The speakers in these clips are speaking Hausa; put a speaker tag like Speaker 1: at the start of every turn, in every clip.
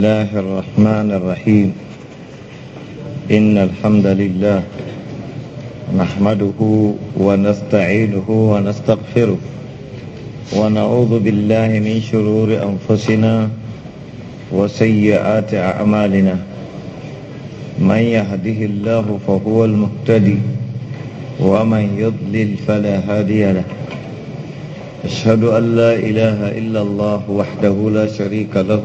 Speaker 1: الله الرحمن الرحيم إن الحمد لله نحمده ونستعينه ونستغفره ونعوذ بالله من شرور أنفسنا وسيئات أعمالنا من يهده الله فهو المهتدي ومن يضلل فلا هادي له أشهد أن لا إله إلا الله وحده لا شريك له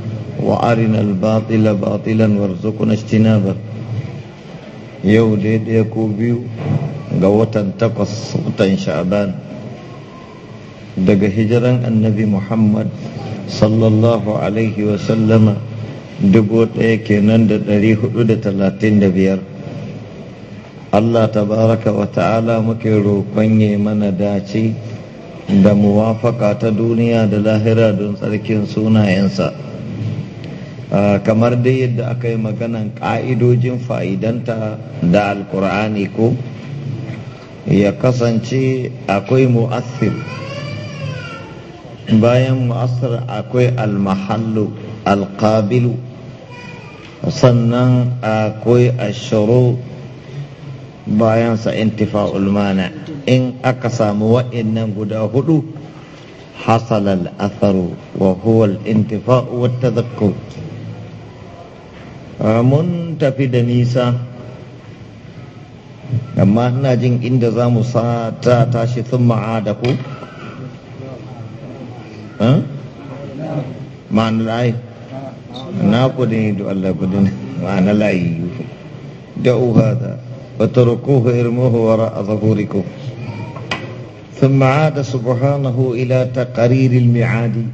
Speaker 1: وأرنا الباطل باطلا وارزقنا اجتنابه yau daidai ko biyu ga watan takwas watan sha'aban daga hijiran annabi muhammad sallallahu alaihi dubu ɗaya kenan da ɗari hudu da talatin da biyar allah tabaraka wa ta'ala muke roƙon ya mana dace da muwafaka ta duniya da lahira don tsarkin sunayensa Ah, kamar dai yadda aka yi maganan ƙa'idojin fa'idanta da alkur'ani ko ya kasance akwai mu'assir bayan mu'assir akwai almahallu alƙabilu sannan akwai ashiru bayan sa intifa ulmana in aka samu wa'innan guda hudu hasalal atharu wa huwa al wa mun tafi da nisa amma ina jin inda za mu ta tashi sun ma'ada ku? ma'ana layi na kudi ne da Allah kudi ne ma'ana layi yi. da uha da wata rukuhu irmuhu wara a zahuriku sun ma'ada subhanahu ila ta ƙaririn mi'adi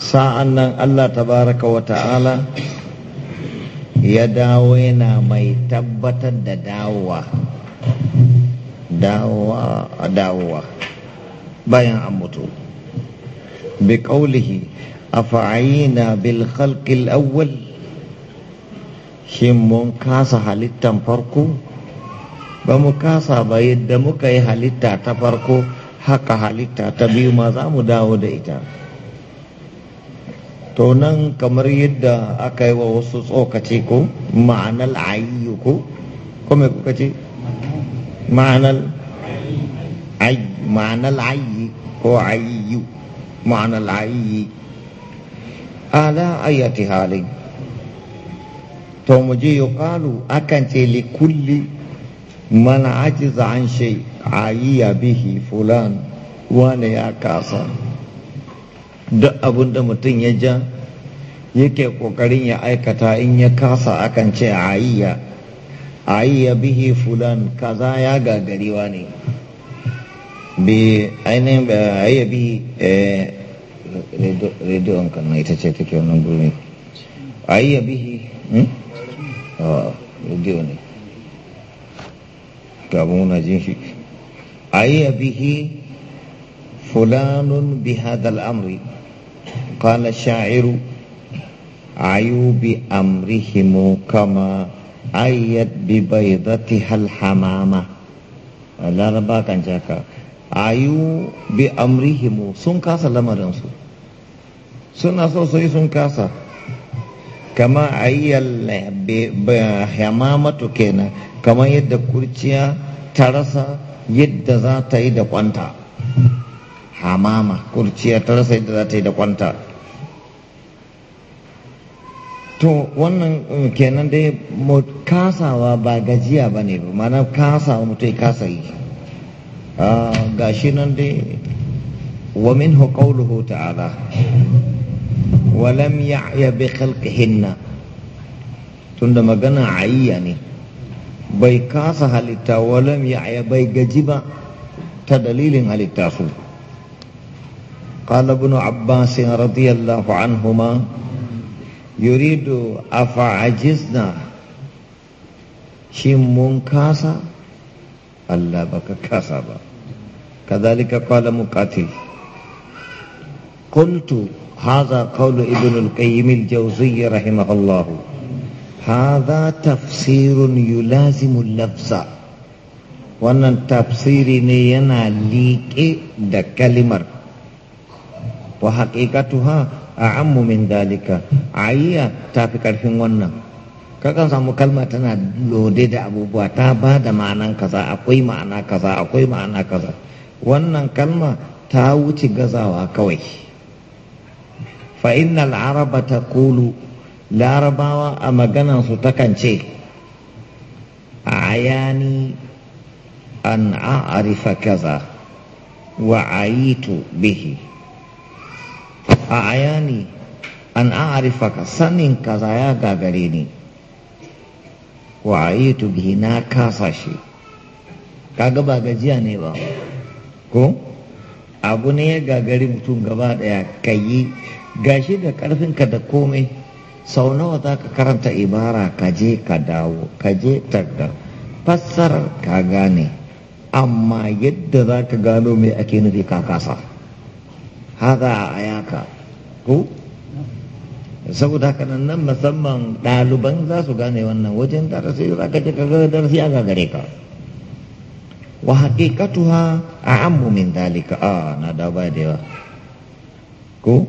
Speaker 1: sa'an nan Allah ta baraka wa ta'ala ya dawo yana mai tabbatar da dawowa dawowa a dawowa bayan an mutu bi ƙaulihi a fa'ayina bil khalqil awwal shin mun kasa halittan farko ba mu kasa ba yadda muka yi halitta ta farko haka halitta ta biyu ma za mu dawo da ita to nan kamar yadda aka yi wa wasu tsokace ko ma'anar ayyu ko kuma kuka ce ma'anar ayyi ko ayyu ma'anar ayyi ala ayyati halin to mu je kalu akan ce li kulli aji ajiza an shay ayya bihi fulan wane ya kasa duk abin da mutum ya ja yake ƙoƙarin ya aikata in ya kasa akan ce ayiya ayiya bihi fulan kaza ya gagarewa ne bi ainihin ba eh, ayya bi eh, rediyon kan ita ce take wannan guri ayya bihi hmm? ah, rediyo ne gaban na jin shi ayya bihi fulanun bi hadal amri Ka na shahiru. A yi ubiyar amirin mu kama, a yadda bai zati hal hamama. A larabaa kan ja sun kasa lamaransu, suna sun kasa. Kama a yi yalɗa bai kenan, kama yadda kurciya ta rasa yadda za ta yi da kwanta. Hamama kurciya ta yadda za ta yi da kwanta. to wannan mm, kenan dai kasawa ba gajiya ba ne ba mana kasawa ya kasa yi ah, ga shi nan dai wa min qawluhu ta'ala wa lam ya'ya bi khalqihinna tunda magana ayya ne bai kasa halitta wa lam ya'ya bai gaji ba ta dalilin halitta su قال ابن عباس رضي الله yuridu afa shin shi mun kasa Allah baka kasa ba kadhalika qala muqatil qultu hadha qawlu ibn al-qayyim al-jawziyy rahimahullah hadha tafsirun yulazimu al-lafza wannan tafsiri ne yana liƙe da kalimar wa ha. a'ammu min dalika ayya ta fi karfin wannan kakan samu kalma tana lode da abubuwa ta ba da ma'anan kaza akwai ma'ana kaza akwai ma'ana kaza wannan kalma ta wuce gazawa kawai fa al'araba ta Kulu, larabawa a maganan ta takan ce ayani an a'arifa kaza wa ayitu bihi a ayani an ka sanin kaza ya gagare ni wa ayitu bihi na kasa shi kaga ba gajiya ne ba ko abu ne ya gagari mutum gaba daya kayi gashi da karfinka da komai sau nawa za ka karanta ibara ka je ka dawo ka je tagga fassarar ka gane amma yadda za ka gano mai ake nufi ka kasa haza a ayaka ko saboda haka nan nan musamman ɗaliban za su gane wannan wajen darasi za ka ji kaga darasi a gare ka wa ha, a a'ammu min dalika a na da ba da yawa ko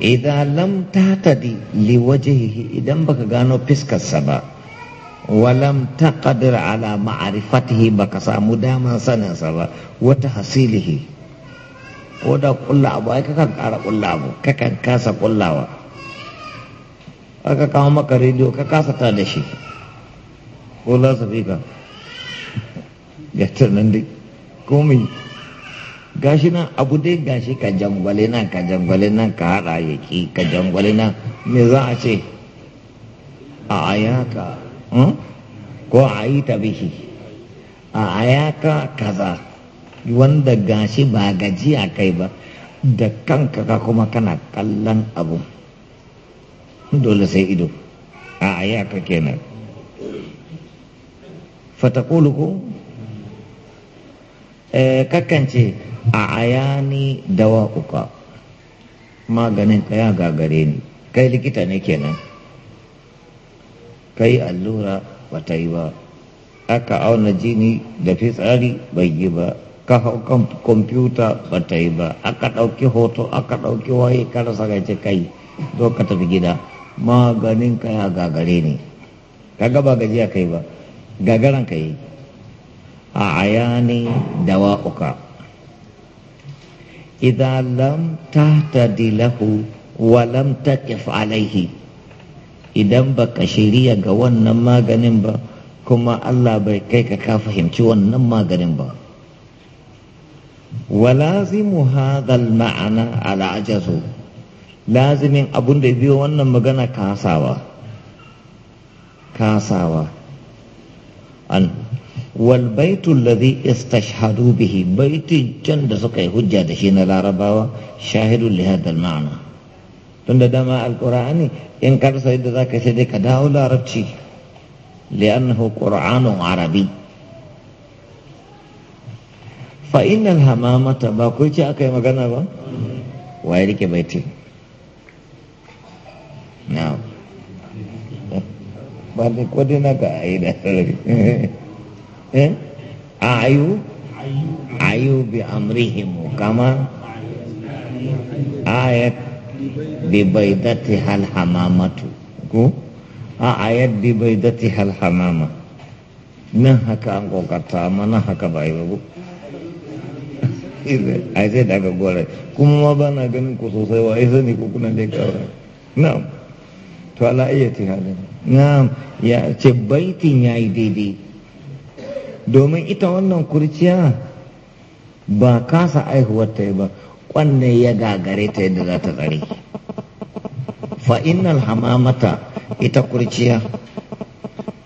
Speaker 1: idan lam ta tadi li wajhihi idan baka gano fiskarsa ba walam taqdir ala ba baka samu daman saninsa ba wata hasilihi ko da kulla abu ai kakan ƙara kulla abu kakan kasa kullawa aka kawo maka rediyo ka kasa ta da shi ko za su fi ka ga nan dai komai gashi nan abu dai gashi ka jangwale nan ka jangwale nan ka haɗa ya ki ka jangwale nan me za a ce a ayaka hmm? ko a yi ta bihi a ayaka kaza wanda gashi ba gajiya kai ba da kanka ka kuma kana kallon abu dole sai ido a ayyaka kenan fatakulu ko eh, kakance a ayani dawa uka maganin ka ya gagare ni kai likita ne kenan kai allura bata yi ba aka auna jini da fitsari bai yi ba ka computer kwamfuta ba ta yi ba aka ɗauki hoto aka ɗauki waye ka rasa kai do ka tafi gida maganin ka ya gagare ne ka gaba gajiya kai ba gagaran kai. a ayani dawa uka idan lam tahtadi lahu wa lam taqif alaihi idan ba ka shirya ga wannan maganin ba kuma Allah bai kai ka ka fahimci wannan maganin ba ولازم هذا ma'ana العجز lazimin abun da biyo wannan magana kasawa kasawa an wal baitu alladhi istashhadu bihi baiti can da suka yi hujja da shi na larabawa shahidu li hada al ma'na tunda dama alqur'ani in ka da za zaka sai dai ka dawo larabci li'annahu qur'anun arabiy fa hamamata ba ku ce aka yi magana ba waye rike baiti na ba da kwadai na ga ayi da sarari ayu ayu bi amrihim kama ayat bi baidati hal hamamatu Ku? a ayat bi baidati hal hamama nan haka an kokarta amma nan haka ba yi ba ai sai da aka kuma ma ba na ganin ku sosai wa ai sani ko kuna dai kawai na'am to ala ayyati halin na'am ya ce baitin yayi daidai domin ita wannan kurciya ba kasa aihuwar ta ba kwanne ya gagare ta yadda za ta tsare fa innal hamamata ita kurciya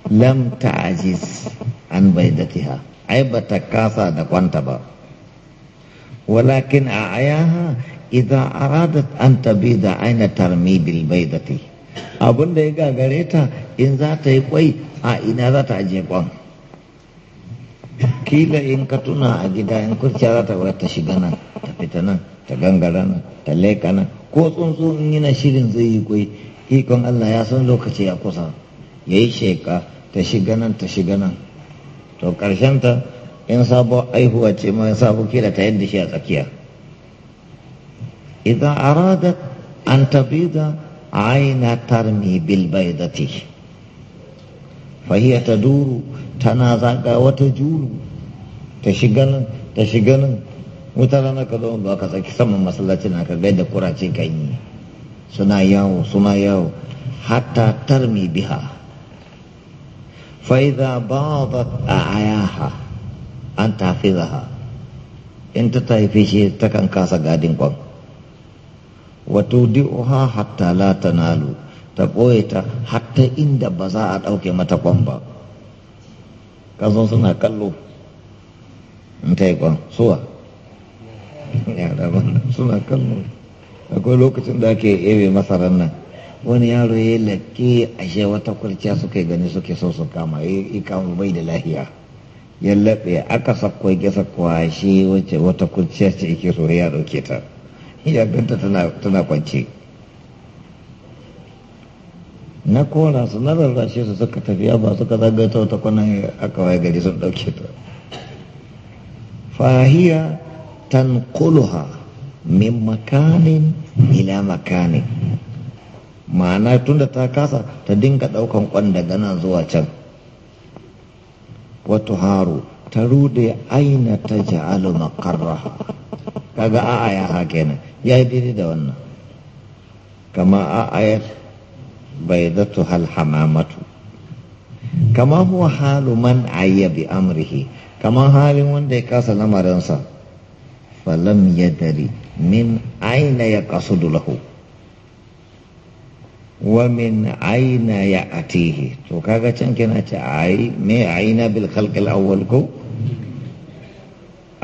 Speaker 1: lam ta'ajiz an baidatiha ai ta kasa da kwanta ba ولكن أعياها إذا أرادت أن تبيد أين ترمي بالبيضة أبن ديقا غريتا إن ذات يقوي أين ذات أجيبون kila in ka tuna a gida in kurciya za ta wura ta shiga nan ta fita nan ta gangara nan ta leka nan ko tsuntsu in yana shirin zai yi kwai ikon Allah ya san lokaci ya kusa ya yi sheka ta shiga nan ta shiga nan to ƙarshen ta in sabon aihuwa ce ma sabon kira ta yadda shi a tsakiya idan aradat an da aina tarmi bil baidati fahiya ta duru tana zaga wata juru ta shiga nan ta shiga nan wata rana ka zo ba ka tsaki saman masallacin na ka gaida kurace kan yi suna yawo suna yawo hatta tarmi biha Faiza idza a ayaha an fi zaha in ta haife shi ta kan kasa gadin kwan wato di'uha hatta la nalu ta ɓoye ta hatta inda ba za a ɗauke mata kwan ba kazo suna kallo in ta yi kwan suwa suna kallo akwai lokacin da ake ebe masarar nan wani yaro ya lake ashe wata kurciya suka gani suke so su kama ya e, e kama bai da lahiya ya laɓe aka sakwai gasa kwashe wacce wata kurciya ce so ya ɗauke ta ya ganta tana kwance na kora su na rarrashe su suka tafiya ba suka ta wata kwanan aka waye gari sun ɗauke ta fahiya tanquluha min makanin ila makanin ma'ana tunda ta kasa ta dinga ɗaukan kwan daga nan zuwa can وتهار ترود أين تجعل مقرها kaga a'aya ha kenan ya yi daidai da wannan kama a'ayar bai zato hal hamamatu kama huwa halu man ayya bi amrihi kama halin wanda ya kasa lamarinsa falam dari, min aina ya kasu lahu wa min aina ya atihi to kaga can kina ce ai me aina bil khalqil awwal ko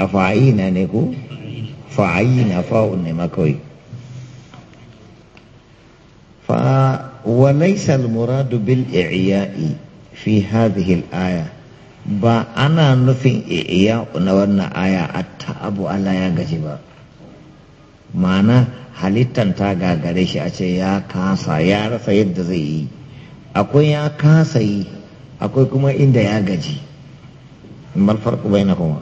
Speaker 1: afa aina ne ko fa aina fa ne makoi fa wa laysa al muradu bil i'ya'i fi hadhihi al aya ba ana nufin i'ya na wannan aya at-ta'abu ala ya gaji ba ma'ana halittan ta gagare shi a ce ya kasa ya rasa yadda zai yi akwai ya kasa yi akwai kuma inda ya gaji mal farko bai na kuma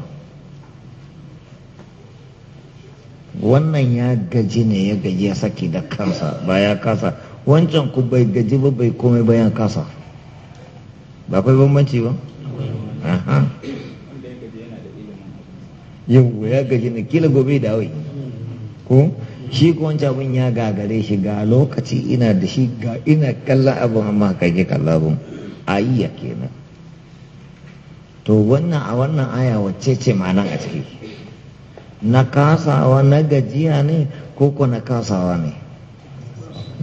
Speaker 1: wannan ya gaji ne ya gaji ya saki da kansa ba ya kasa wancan ku bai gaji ba bai komai ba ya kasa ba akwai bambanci ba yau ya gaji ne kila gobe da wai ko shi ko wancan abin ya gagare shi ga lokaci ina da shi ga ina kallon abin amma ka ke kallon abin ayya kenan to wannan a wannan aya wacce ce ma'anan a ciki na kasawa na gajiya ne ko ko na kasawa ne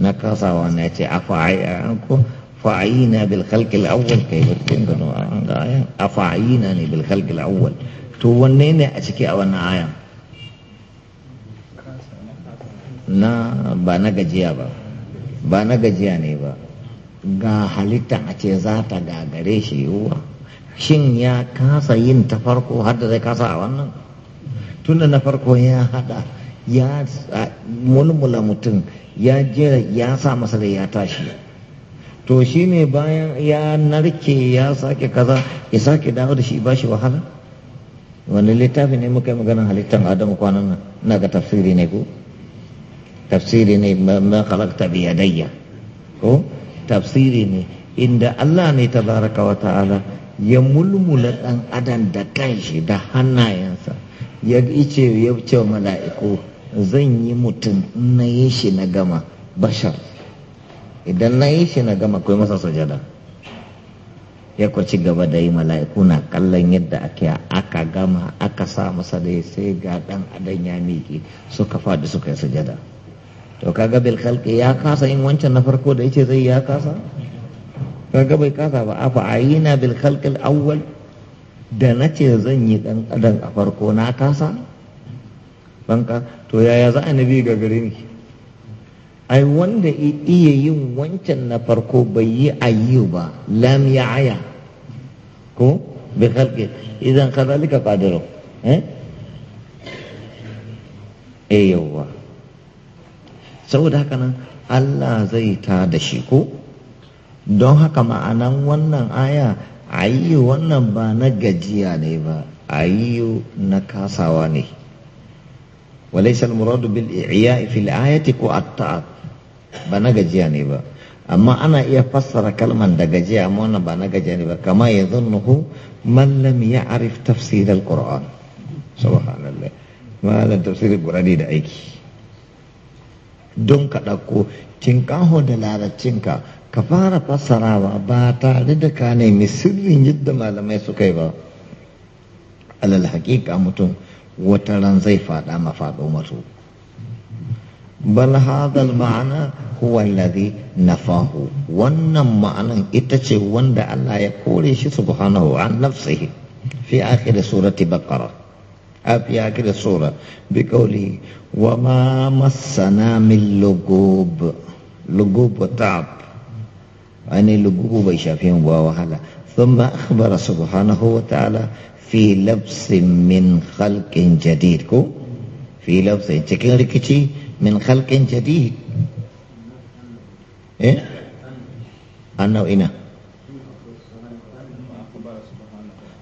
Speaker 1: na kasawa ne ce a fa'ayina bil khalqil awwal kai bakin da an ga aya a fa'ayina ne bil khalqil awwal to wanne ne a ciki a wannan ayan na ba na gajiya ba ba na gajiya ne ba ga halitta a ce za ta gagare shi yiwuwa shin ya kasa yin ta farko har da zai kasa a wannan tunda na farko ya hada ya mulmula mutum ya jera ya sa masa da ya tashi to shi ne bayan ya narke ya sake kaza ya sake dawo da shi ba shi wahala wani littafi ne muka yi maganin halittar adamu kwanan nan na ga tafsiri ne ko tafsiri ne ma khalaqta bi yadayya ko tafsiri ne inda Allah ne tabaraka wa ta'ala ya mulmula dan adam da kanshi da hannayensa ya ce ya ce mala'iku zan yi mutum na yi shi na gama bashar idan na yi shi na gama kai masa sujada ya kwaci gaba da yi mala'iku na kallon yadda ake aka gama aka sa masa dai sai ga dan adam ya miƙe suka faɗi suka yi sujada to kaga bil khalqi ya kasa yin wancan na farko da yace zai ya kasa kaga bai kasa ba afa ayina bil khalqi awwal da nace zan yi dan adam a farko na kasa banka to yaya za a nabi ga gare ni ai wanda iya yin wancan na farko bai yi ayyu ba lam ya aya ko bi khalqi idan kadalika qadiru eh eh yawa saboda haka nan Allah zai ta da shi ko don haka ma'anan wannan aya ayyu wannan ba na gajiya ne ba ayyu na kasawa ne walaysa al-muradu bil i'ya'i fil ayati ko at-ta'at ba na gajiya ne ba amma ana iya fassara kalman da gajiya amma wannan ba na gajiya ne ba kama ya zannuhu man lam ya'rif tafsir al-qur'an subhanallah ma lan tafsir al-qur'ani da aiki don ka ɗauko tinkaho da larabcinka ka fara fassarawa ba tare da ka nemi sirrin yadda malamai suka yi ba alal haƙiƙa mutum wata ran zai faɗa mafaɗo masu balhazal ma'ana huwa na fahu wannan ma'anan ita ce wanda Allah ya kore shi subhanahu an nafsihi fi akhir surati baqara في آخر السورة بقوله وما مسنا من لغوب لغوب وتعب يعني لغوب بيشافيهم ووهلا ثم أخبر سبحانه وتعالى في لبس من خلق جديد كو في لبس من خلق جديد khalqin jadid eh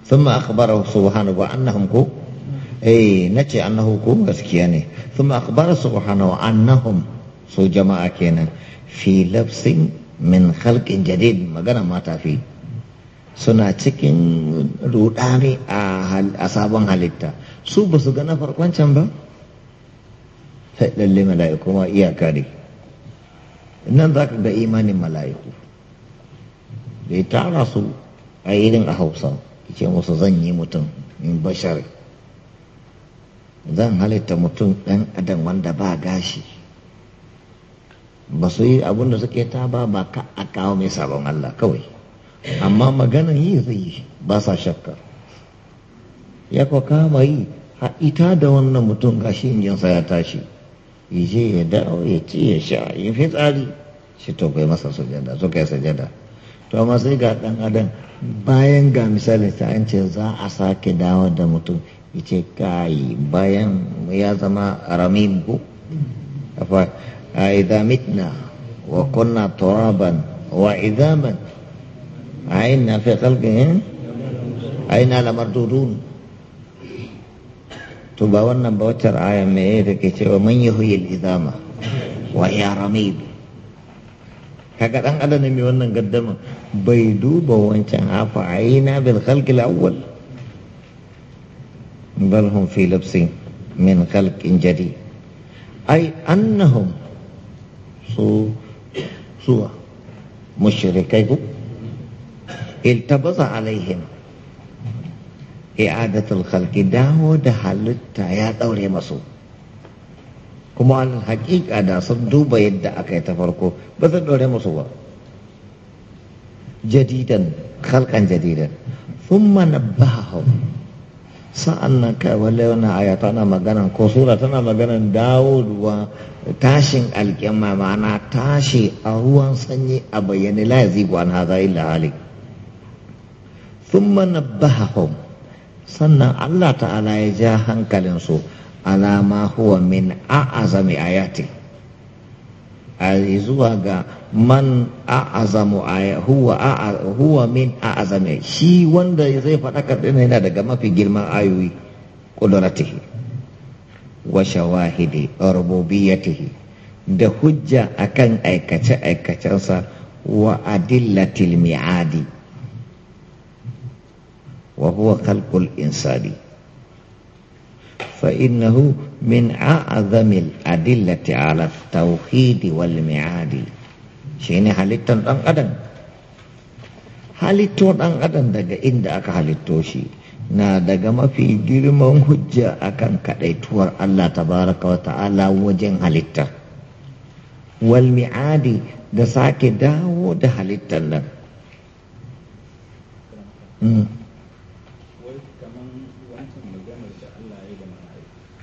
Speaker 1: ثم أخبره سبحانه وأنهم كو eh nace annahu ko gaskiya ne thumma akhbara subhanahu annahum so jama'a kenan fi lafsin min khalqin jadid magana mata fi suna cikin rudani a sabon halitta su ba su ga na farkon can ba sai lalle mala'iku ma iyaka ne nan za ka ga imanin mala'iku da ya tara su a irin a hausa ce musu zan yi mutum in bashari zan halitta mutum ɗan adam wanda ba gashi ba su yi abin da suke ta ba ba ka a kawo mai sabon Allah kawai amma maganan yi zai yi ba sa shakka ya kwa kama yi ha ita da wannan mutum gashi jinsa ya tashi ya je ya dawo ya ci ya sha ya fi tsari shi to bai masa sujada su kai sujada to amma sai ga ɗan adam bayan ga misalin ta an ce za a sake dawo da mutum yace kai bayan ya zama ramim ko afa idza mitna wa kunna turaban wa idhaman aina fi khalqin eh? aina lamardudun to ba wannan ba wacce aya me ke cewa man yuhyil idama wa ya ramib kaga dan adana me mai wannan gaddama bai duba wancan afa aina bil khalqil awwal بل هم في لبس من خلق جديد أي أنهم سوء سوء مشركين التبص عليهم إعادة الخلق داود حل تايا دوري مسوء كما أن الحقيقة أدا صدو بيد أكي تفرقو بس دوري مسوء جديدا خلقا جديدا ثم نبههم sa'an nan kai walle wannan aya tana magana ko sura tana magana dawo ruwa tashin alƙiyama ma'ana tashi a ruwan sanyi a bayyane la yazigu an illa hali thumma nabbahahum sannan Allah ta'ala ya ja hankalinsu alama huwa min a'azami ayati zuwa ga man a'azamu huwa huwa min azame shi wanda zai faɗa ɗin yana daga mafi girman ayoyi ƙudurati wa shawahidi rububiyyatihi da hujja akan aikace-aikacensa wa adillatil mi'adi wa huwa khalqul insani فإنه من أعظم الأدلة على التوحيد والمعاد شيني halittan ɗan adam halitto ɗan adam daga inda aka halitto shi na daga mafi girman hujja akan kaɗaituwar Allah tabaraka wa ta'ala wajen halitta wal mi'adi da sake dawo da halittar nan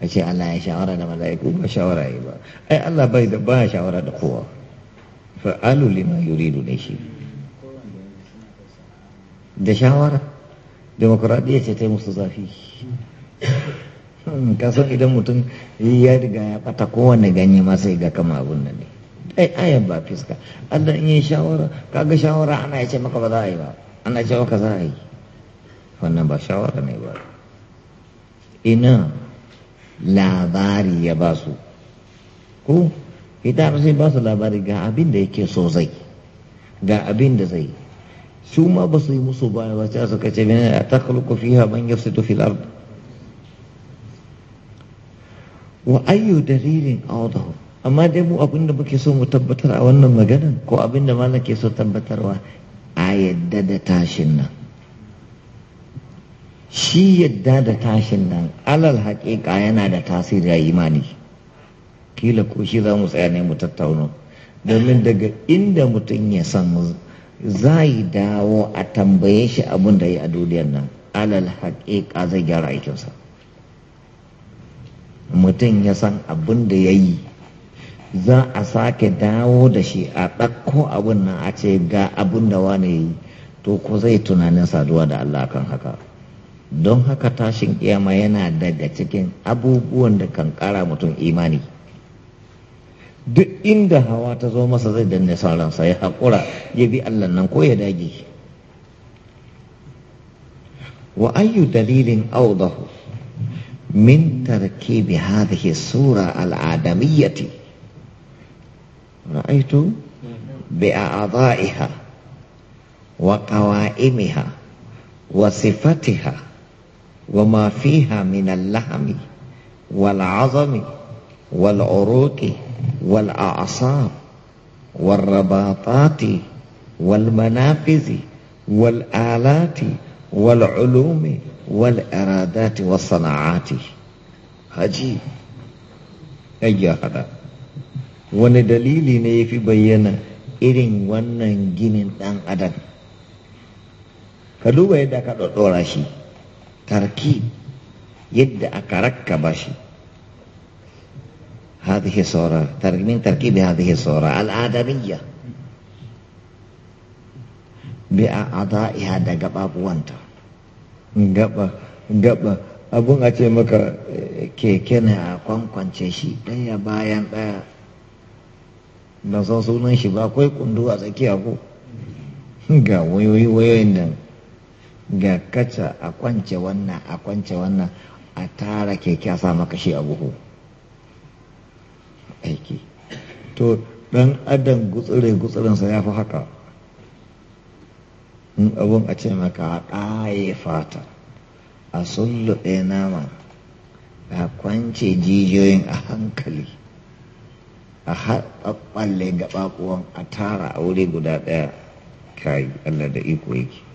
Speaker 1: a ce Allah ya shawara da mala'iku ba shawara yi ba ai Allah bai da ba shawara da kowa alu lima yuridu da shi da shawara demokuraɗiyya ce ta yi musu zafi hmm, kasan idan mutum ya riga ya ɓata kowane ganye ma sai ga kama abun nan ne ai ayan ba fiska Allah in yi shawara kaga shawara ana ya ce maka ba za a yi ba ana ce maka za a yi wannan ba shawara ne ba ina labari ya ba su ko ita sai ba su labari ga abin da yake so zai ga abin da zai su ma ba su yi musu ba ba ta suka ce mene a takaluku fiha man yafsidu fil ard wa ayyu dalilin awdahu amma dai mu abin da muke so mu tabbatar a wannan maganan ko abin da ke so tabbatarwa a yadda da tashin nan shi yadda da tashin nan alal haƙiƙa yana da tasiri a imani kila ko shi za mu tsaya ne mu tattauna domin daga inda mutum ya san za yi dawo a tambaye shi abin da ya a duniyar nan alal haƙiƙa zai gyara aikinsa mutum ya san abin da ya yi za a sake dawo da shi a ɗakko abin nan a ce ga abin da wane yi to ko zai tunanin saduwa da Allah kan haka don haka tashin kiyama yana daga cikin abubuwan da kan kara mutum imani duk inda hawa ta zo masa zai danne sauransa ya haƙura ya bi allah nan ko ya dage wa ayyu dalilin audahu min tarkibi hadhihi sura al'adamiyyati ra'aytu bi a'dha'iha wa qawa'imiha wa sifatiha وما فيها من اللحم والعظم والعروق والأعصاب والرباطات والمنافذ والآلات والعلوم والإرادات والصناعات عجيب أيها هذا wani dalili ne ya fi bayyana irin wannan ginin ɗan adam ka duba yadda ka ɗaɗɗora shi tarki yadda aka rakkaba shi هذه صورة من ya. هذه الصورة الآدمية بأعضائها دا قباب وانتا قبا gaba abun a ce maka keke ne a kwankwance shi ɗaya bayan ɗaya da san sunan shi ba akwai kundu a tsakiya ko ga wayoyi wayoyin nan ga kaca a kwance wannan a kwance wannan a tara keke a sa maka shi a buhu aiki to dan adam gutsire sa ya fi haka in abin a ce maka ɗaye fata a sulluɗe nama a kwance jijiyoyin a hankali a haɓaɓɓalle gaɓaɓuwan a tara a wuri guda ɗaya kayi allah da iko yake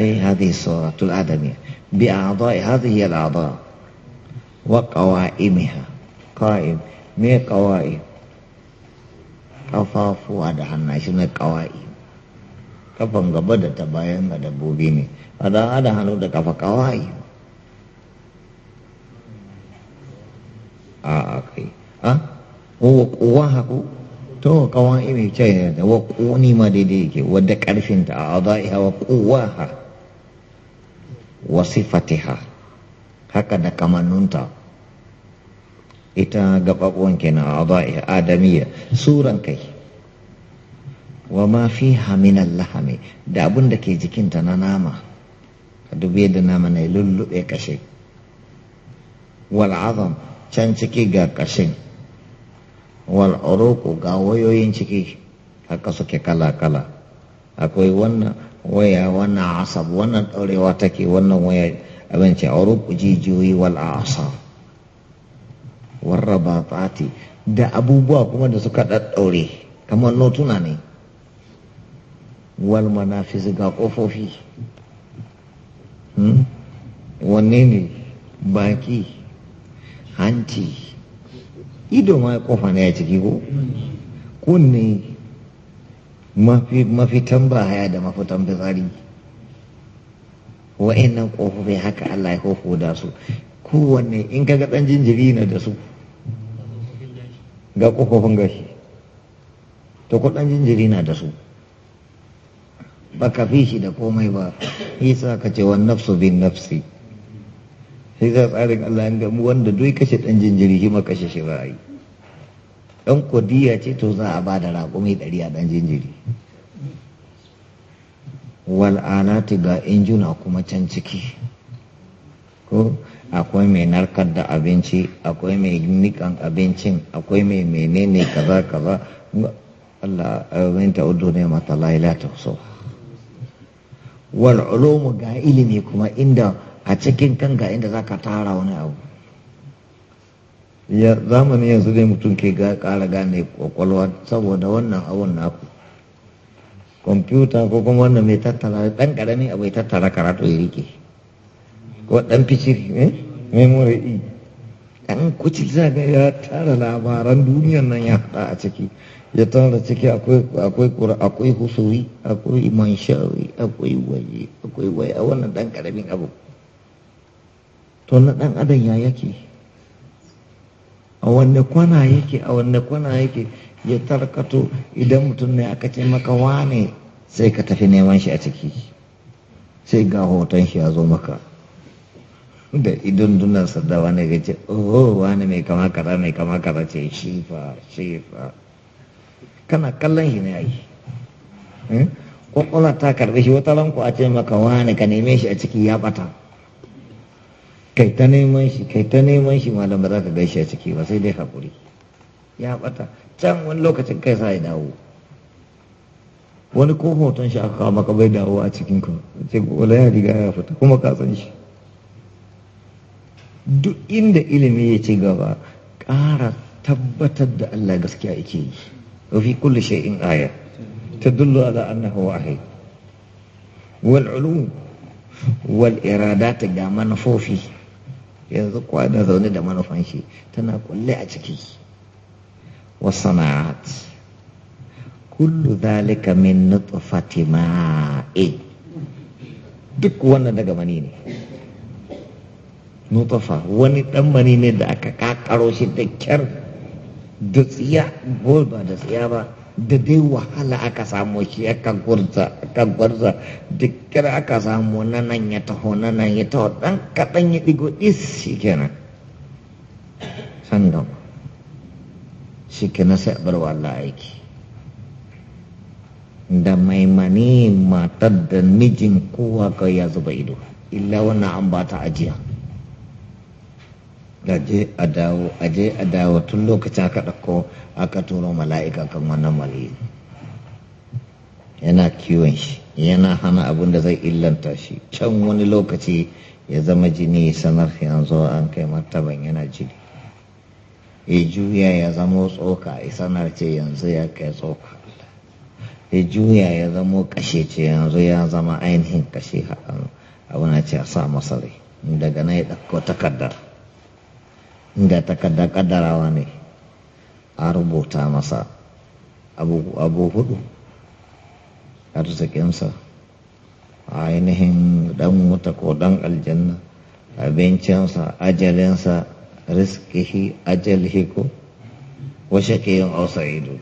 Speaker 1: أي هذه الصورة الآدمية بأعضاء هذه الأعضاء وقوائمها قائم ما قوائم ƙafafuwa da hannu shi ne ƙawa'i kafan gaba da ta bayan ga dabbobi ne a dan ada hannu da kafa ƙawa'i a kai to ƙawa'i mai cewa da wa ne ma daidai yake wadda ƙarfinta a azaiha wakuwa haku wasifatiha haka da kamanunta. ita gababuwan kenan a adamiya suran kai wa ma fi haminan lahami da abin da ke jikinta na nama ka dubi da nama na lullube kashe wal'azam can ciki ga kashin uruku ga wayoyin ciki haka suke kala-kala akwai wannan waya wannan asab wannan ɗaurewa take wannan waya abinci a rubu jijiyoyi wal asab warraba tsati da abubuwa kuma da suka ɗaɗɗaure kamar notuna ne wal manafis ga ƙofofi hmm? wanne ne baki hanci ido ma ƙofa ne a ciki ko kunne mafitan haya da mafitan fitsari wa'annan ƙofofi haka Allah ya kofo da su kowanne in ka ga ɗan jinjiri na da su ga ƙofofin gashi ta ko ɗan jinjiri na da su ba ka fi shi da komai ba sa ka ce wa nafsu bin nafsi sai za tsarin Allah ya gamu wanda duk kashe ɗan jinjiri shi ma kashe shi ba a yi Ɗan kudiya ce to za a ba da raƙumi ɗari a ɗan jinjiri wal'anati ga injuna kuma can ciki ko akwai mai narkar da abinci akwai mai nikan abincin akwai mai menene kaza kaza Allah ayyumin ta'udu ne mata laila ta so wal ulumu ga ilimi kuma inda a cikin kanka inda zaka tara wani abu ya zamani yanzu dai mutum ke ga ƙara gane kwakwalwa saboda wannan abun naku kwamfuta ko kuma wannan mai tattara ɗan ƙarami abai tattara karatu ya rike ko ɗan fici eh memory e ɗan kuci zaga ya tara labaran duniyar nan ya haɗa a ciki ya tara ciki akwai akwai akwai husuri akwai manshawi akwai waye akwai waye a wannan ɗan ƙaramin abu to na ɗan adam ya yake a wanne kwana yake a wanne kwana yake ya tarkato idan mutum ne aka ce maka wane sai ka tafi neman shi a ciki sai ga hoton shi ya zo maka da idan dunarsa da wani ga ce oh wani mai kama kara mai kama kara ce shifa shifa kana kallon shi ne a yi eh? kwakwala ta karbi shi wata ranku a ce maka wane ka neme shi a ciki ya bata kai ta neman shi kai ta neman shi malam ba za ka gaishe a ciki ba sai dai hakuri ya bata can wani lokacin kai sa ya dawo wani ko hoton shi aka kawo bai dawo a cikin ku ce wala ya riga ya fita kuma ka san shi duk inda ilimi ya ci gaba ƙara tabbatar da Allah gaskiya yake yi wa fi kulli shay'in aya tadullu ala annahu wahid wal ulum wal iradat ga manufofi yanzu kwana zaune da manufan shi tana kulle a ciki sana'at kullu zalika min nutfati ma'i duk wannan daga mani ne nutfa wani dan mani ne da aka kakaro shi da kyar da tsiya ba da tsiya ba da dai wahala aka samu shi kan gwarza duk kira aka samu na nan ya taho na nan ya taho dan kaɗan ya ɗigo ɗis shi kenan sandan shi kenan sai bar wala aiki da maimani matar da mijin kowa ka ya zuba ido illa wannan an ba ta ajiya je a je a dawo tun lokaci aka ɗauko aka turo mala'ika kan wannan mali yana kiwon shi yana hana abin da zai illanta shi can wani lokaci ya zama jini sanar yanzu an kai martaban yana jini ya juya ya zama tsoka ya sanar ce yanzu ya kai tsoka ya juya ya zama kashe ce yanzu ya zama ainihin kashe haɗa abin ce a sa masa daga na ya ɗauko takardar inda takarda kaddarawa ne a rubuta masa abu hudu arzikinsa a ainihin dan wuta ko dan aljanna abincinsa ajalinsa riskihi ajalihi ko washe ke yin ausa'idu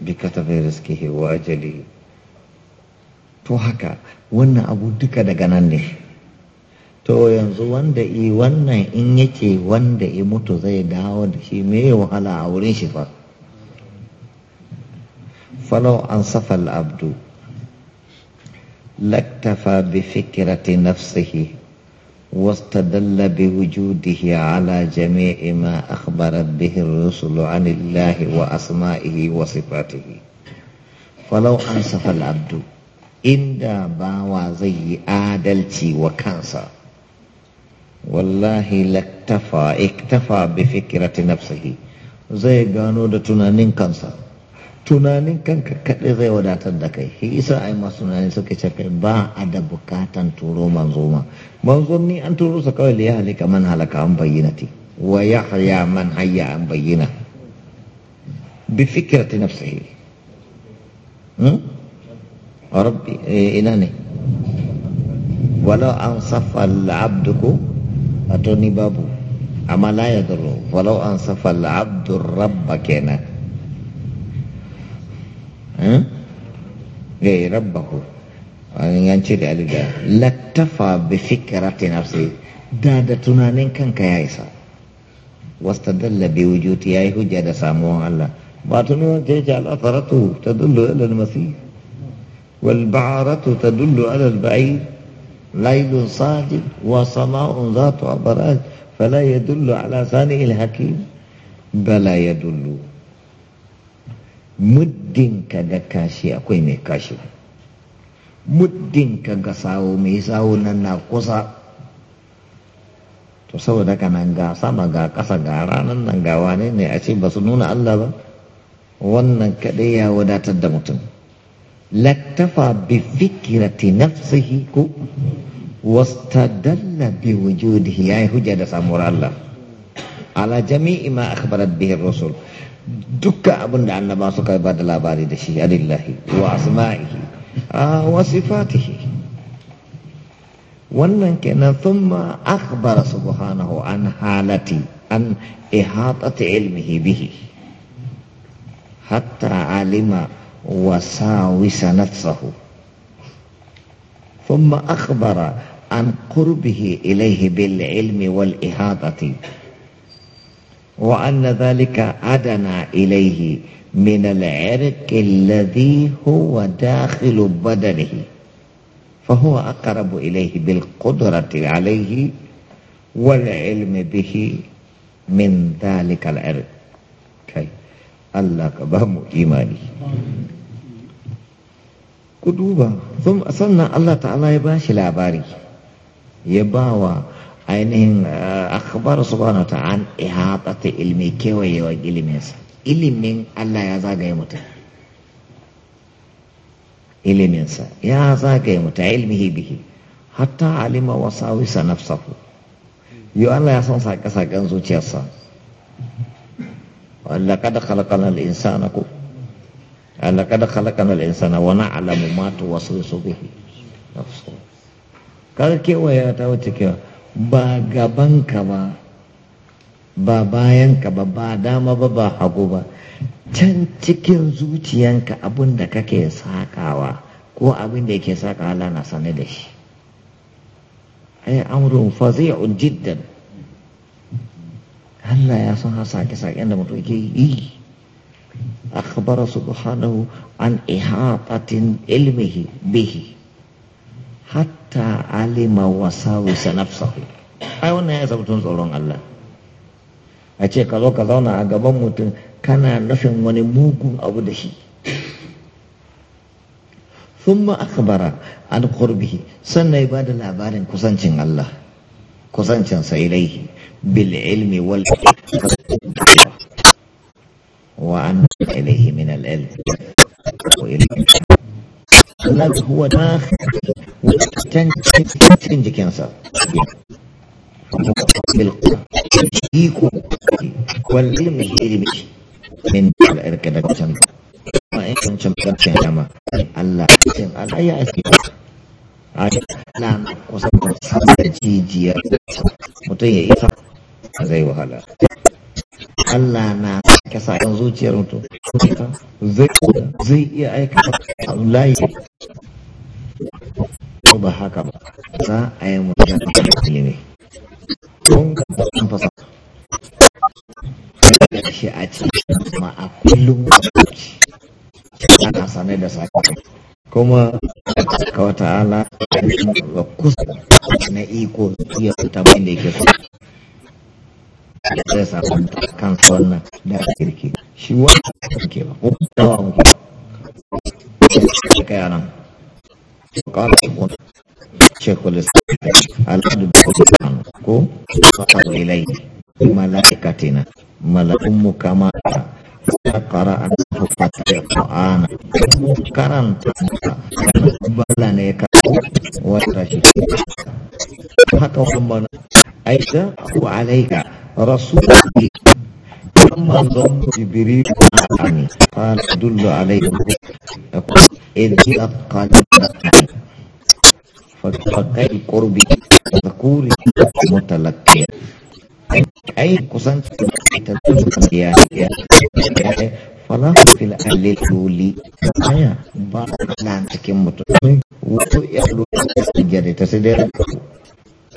Speaker 1: duka fi riskihi wa ajali to haka wannan abu duka daga nan ne to yanzu wanda i wannan in yake wanda i mutu zai dawo da shi me wahala a wurin shi fa falau an safa al'abdu laktafa bi fikirati nafsihi واستدل بوجوده على جميع ما أخبرت به الرسل عن الله وأسمائه وصفاته فلو أنصف العبد إن باوا زي آدلتي وكانسا wallahi laktafa iktafa bi fikrati nafsihi zai gano da tunanin kansa tunanin kanka kaɗai zai wadatar da kai shi isa ai masu tunanin suka ce kai ba a da bukatan turo manzo ma manzo ni an turo sa kawai ya halika man halaka an bayyinati wa yahya man hayya an bayyana? bi fikrati nafsihi hmm? rabbi eh, ina ne walau an safa al a to ni babu amma la ya duro walau an safa abdur rabba kenan eh rabbahu an yanci da alida lattafa bi fikrati nafsi da da tunanin kanka ya isa wastadalla bi wujudi yayi hujja da samuwan Allah ba tunanin ta yake al'atharatu tadullu ila al-masih wal ba'aratu ta ala al-ba'ir ليل صادق وسماء ذات أبراج فلا يدل على صانع الحكيم بلا يدل muddin ka ga kashi akwai mai kashi muddin ka ga sawo mai sawo na kusa to saboda ka nan sama ga ƙasa ga ranar nan ga wane ne a ce ba su nuna Allah ba wannan kaɗai ya wadatar da mutum لاكتفى بفكرة نفسه واستدل بوجوده أي هجد سامور الله على جميع ما أخبرت به الرسل دكا أبن عن نباسك عباد الله بارد شيء لله وأسمائه آه وصفاته wannan kenan thumma akhbara subhanahu an halati an ihatati ilmihi bihi hatta alima وساوس نفسه ثم أخبر عن قربه إليه بالعلم والإهادة وأن ذلك أدنى إليه من العرق الذي هو داخل بدنه فهو أقرب إليه بالقدرة عليه والعلم به من ذلك العرق كيف Allah ka ba mu imani ku duba sannan Allah ta'ala ya ba shi labari ya ba wa ainihin eh, akhbar subhanahu ta an ihatata ilmi kewayewa iliminsa ilimin Allah ya zagaye mutum iliminsa ya zagaye mutum ilmihi bihi hatta alima wasawisa nafsahu yau Allah ya san sake ganzu zuciyarsa walaqad khalaqana al-insana ku walaqad khalaqana al-insana wa na'lamu ma tuwaswisu bihi nafsu kar ke waya ta wuce ke ba gaban ka ba ba bayan ka ba ba dama ba ba hagu ba can cikin zuciyanka abin da kake sakawa ko abin da yake sakawa Allah na sane da shi ai amrun fazi'un jiddan Allah ya san sake-saken da mutum ke yi akhbara subhanahu an ihatatin ilmihi bihi hatta alima wasawisa nafsahu ai wannan ya tun tsoron Allah a ce ka zo ka zauna a gaban mutum kana nufin wani mugun abu da shi an أخبر sannan ya ba da labarin kusancin Allah kusancin ilaihi بالعلم والإخبار وأن إليه من العلم وإلى الذي هو داخل وتنتج كنسر بالقلب والعلم العلمي من الإركاد الشمس وإن شمسك كما الله الله يأتي Allah na kusa da jijiyar mutum ya isa zai wahala Allah na ka sa yan zuciyar mutum zai iya iya aikata layi ko ba haka ba za a yi mutum da ne kun ga an fasa shi a ce ma a kullum ana sane da sakamako kuma ka wata ala wa kusa na iko iya fita mai da yake so zai samu kan wannan da a kirki shi wani kirki ba ko dawa muke ka yaran kawai ko shekul al'adu da kuma ko fata ilai malaikatina malakun mu kama قرأ فتح القرآن كرنت بلا نيكا وترشيك حتى ربنا أيضا rasulullahi amma zan jibril ani fa dullu alayhi yaqul idhi aqala fa kai qurbi zakuri mutalakki ai kusan ta ya ya wala fil alil luli aya ba nan cikin mutum wato ya lura da ta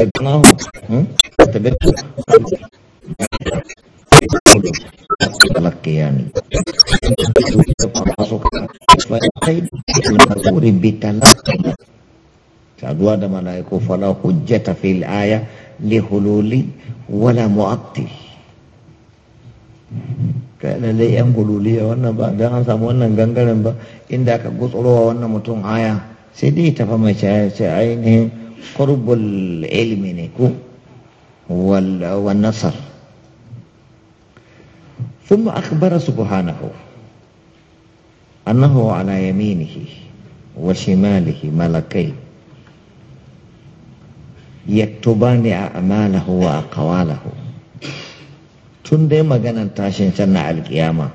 Speaker 1: أجرناه تبدل تلقيان والمذكور بتلقي تعدوا هذا ملائكة فلا حجة في الآية لهلول ولا مؤقتل lallai yan ba don an samu wannan gangaren ba inda aka gutsurowa wannan mutum aya sai dai tafa qurbul ilmi ne ko wal nasar ثم أخبر سبحانه أنه على يمينه وشماله ملكين يكتبان أعماله وأقواله tun dai maganan tashin can na alkiyama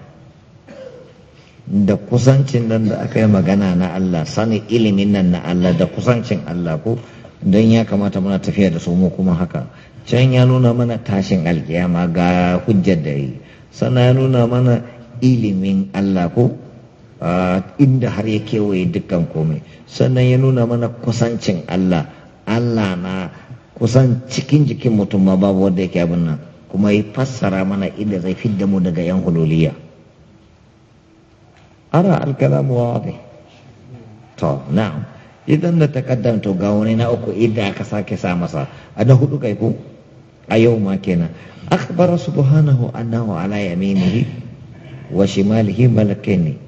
Speaker 1: da kusancin nan da aka yi magana na Allah sani ilimin nan na Allah da kusancin Allah ko don ya kamata muna tafiya da su mu kuma haka can ya nuna mana tashin alkiyama ga hujjar da yi sannan ya nuna mana ilimin Allah ko inda har ya kewaye dukkan komai sannan ya nuna mana kusancin Allah Allah na kusan cikin jikin mutum ma babu wanda yake abin nan kuma ya fassara mana inda zai fidda mu daga yan hululiya ara alkalamu wa to na'am idan da ta to ga wani na uku idan aka sake sa masa a da hudu kai ko a yau ma kenan akhbara subhanahu annahu ala yaminihi wa shimalihi malakaini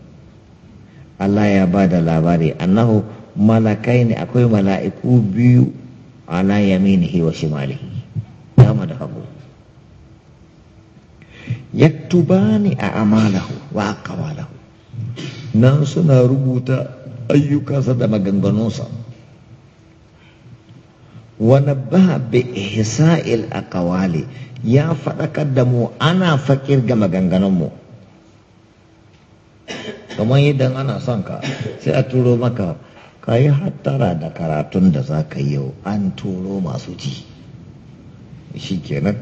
Speaker 1: Allah ya ba da labari annahu malakaini akwai mala'iku biyu ala yaminihi wa shimalihi dama da hagu yaktubani a amalahu wa aqwalahu nan suna rubuta ayyukansa da maganganunsa wani ba bi a Kawale ya faɗakar da mu ana fakir ga maganganunmu kamar idan ana son ka sai a turo maka ka yi hattara da karatun da za ka yau an turo masu ji shi kenan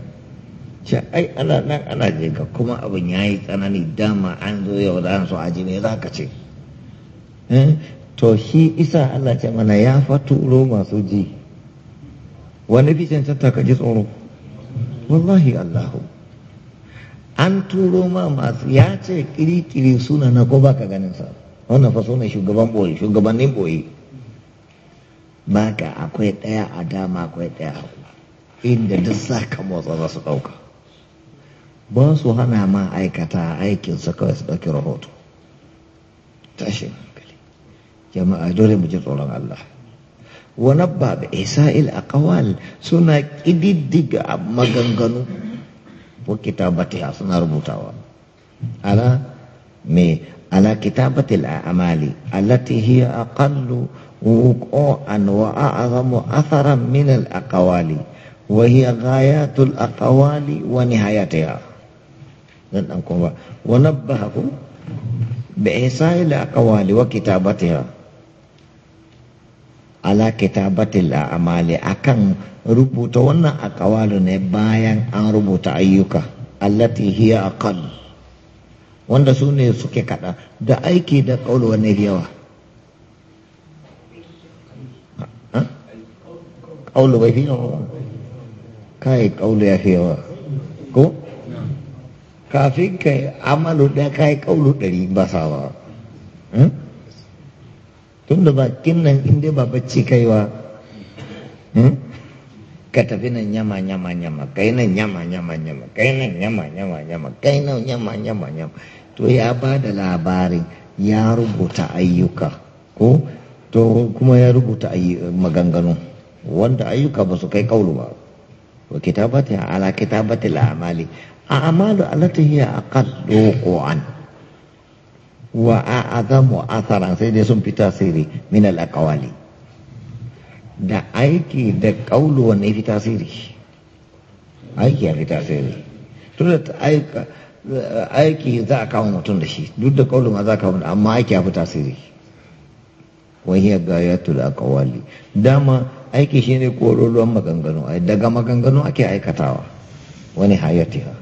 Speaker 1: ce ai ana nan ana je ka kuma abin ya yi tsanani dama an zo yau da an so ji ne za ka ce eh? to shi isa Allah ce mana ya faturo masu ji wani fi cancanta ka ji tsoro wallahi Allahu an turo ma masu ya ce kirikiri suna na ko baka ganin sa wannan fa sune shugaban boye shugabannin boye baka akwai daya a dama akwai daya inda duk zaka motsa za su dauka ba su hana ma aikata aikin su kawai su dauki rahoto tashi jama'a dole mu ji tsoron Allah wa nabba bi isa'il aqwal suna a maganganu wa kitabatiha suna rubutawa ala me ala kitabatil a'mali allati hiya aqallu an wa a'zamu atharan min al aqwali wa hiya ghayatul aqwali wa nihayatiha dan an kuma wa nabbahu bi isa'il aqwali wa kitabatiha ala kitabatil a'mali akan rubuta wannan akawalu ne bayan an rubuta ayyuka allati hiya aqal wanda su ne suke kada da aiki da kaulu wanne yawa kaulu bai fi yawa kai kaulu ya fi yawa ko kafin kai amalu da kai kaulu dari ba sawa ba hmm? tun da bakin nan inda ba bacci kaiwa hmm? ka tafi nan nyama nyama nyama kai nan nyama nyama nyama kai nan nyama nyama nyama kai nan nyama nyama nyama to ya ba da labarin ya rubuta ayyuka ko to kuma ya rubuta maganganu wanda ayyuka ba su kai kaulu ba wa kitabati ala kitabati al-amali a'malu allati hiya aqallu quran wa a'azamu asaran sai dai sun fita siri min al-aqwali da aiki da kaulu wanne fita siri aiki ya fita siri da aiki za a kawo mutum da shi duk da kaulu ma za a kawo amma aiki ya fita siri wahiyar gayatul aqwali dama aiki shine kororon maganganu daga maganganu ake aikatawa wani hayatiha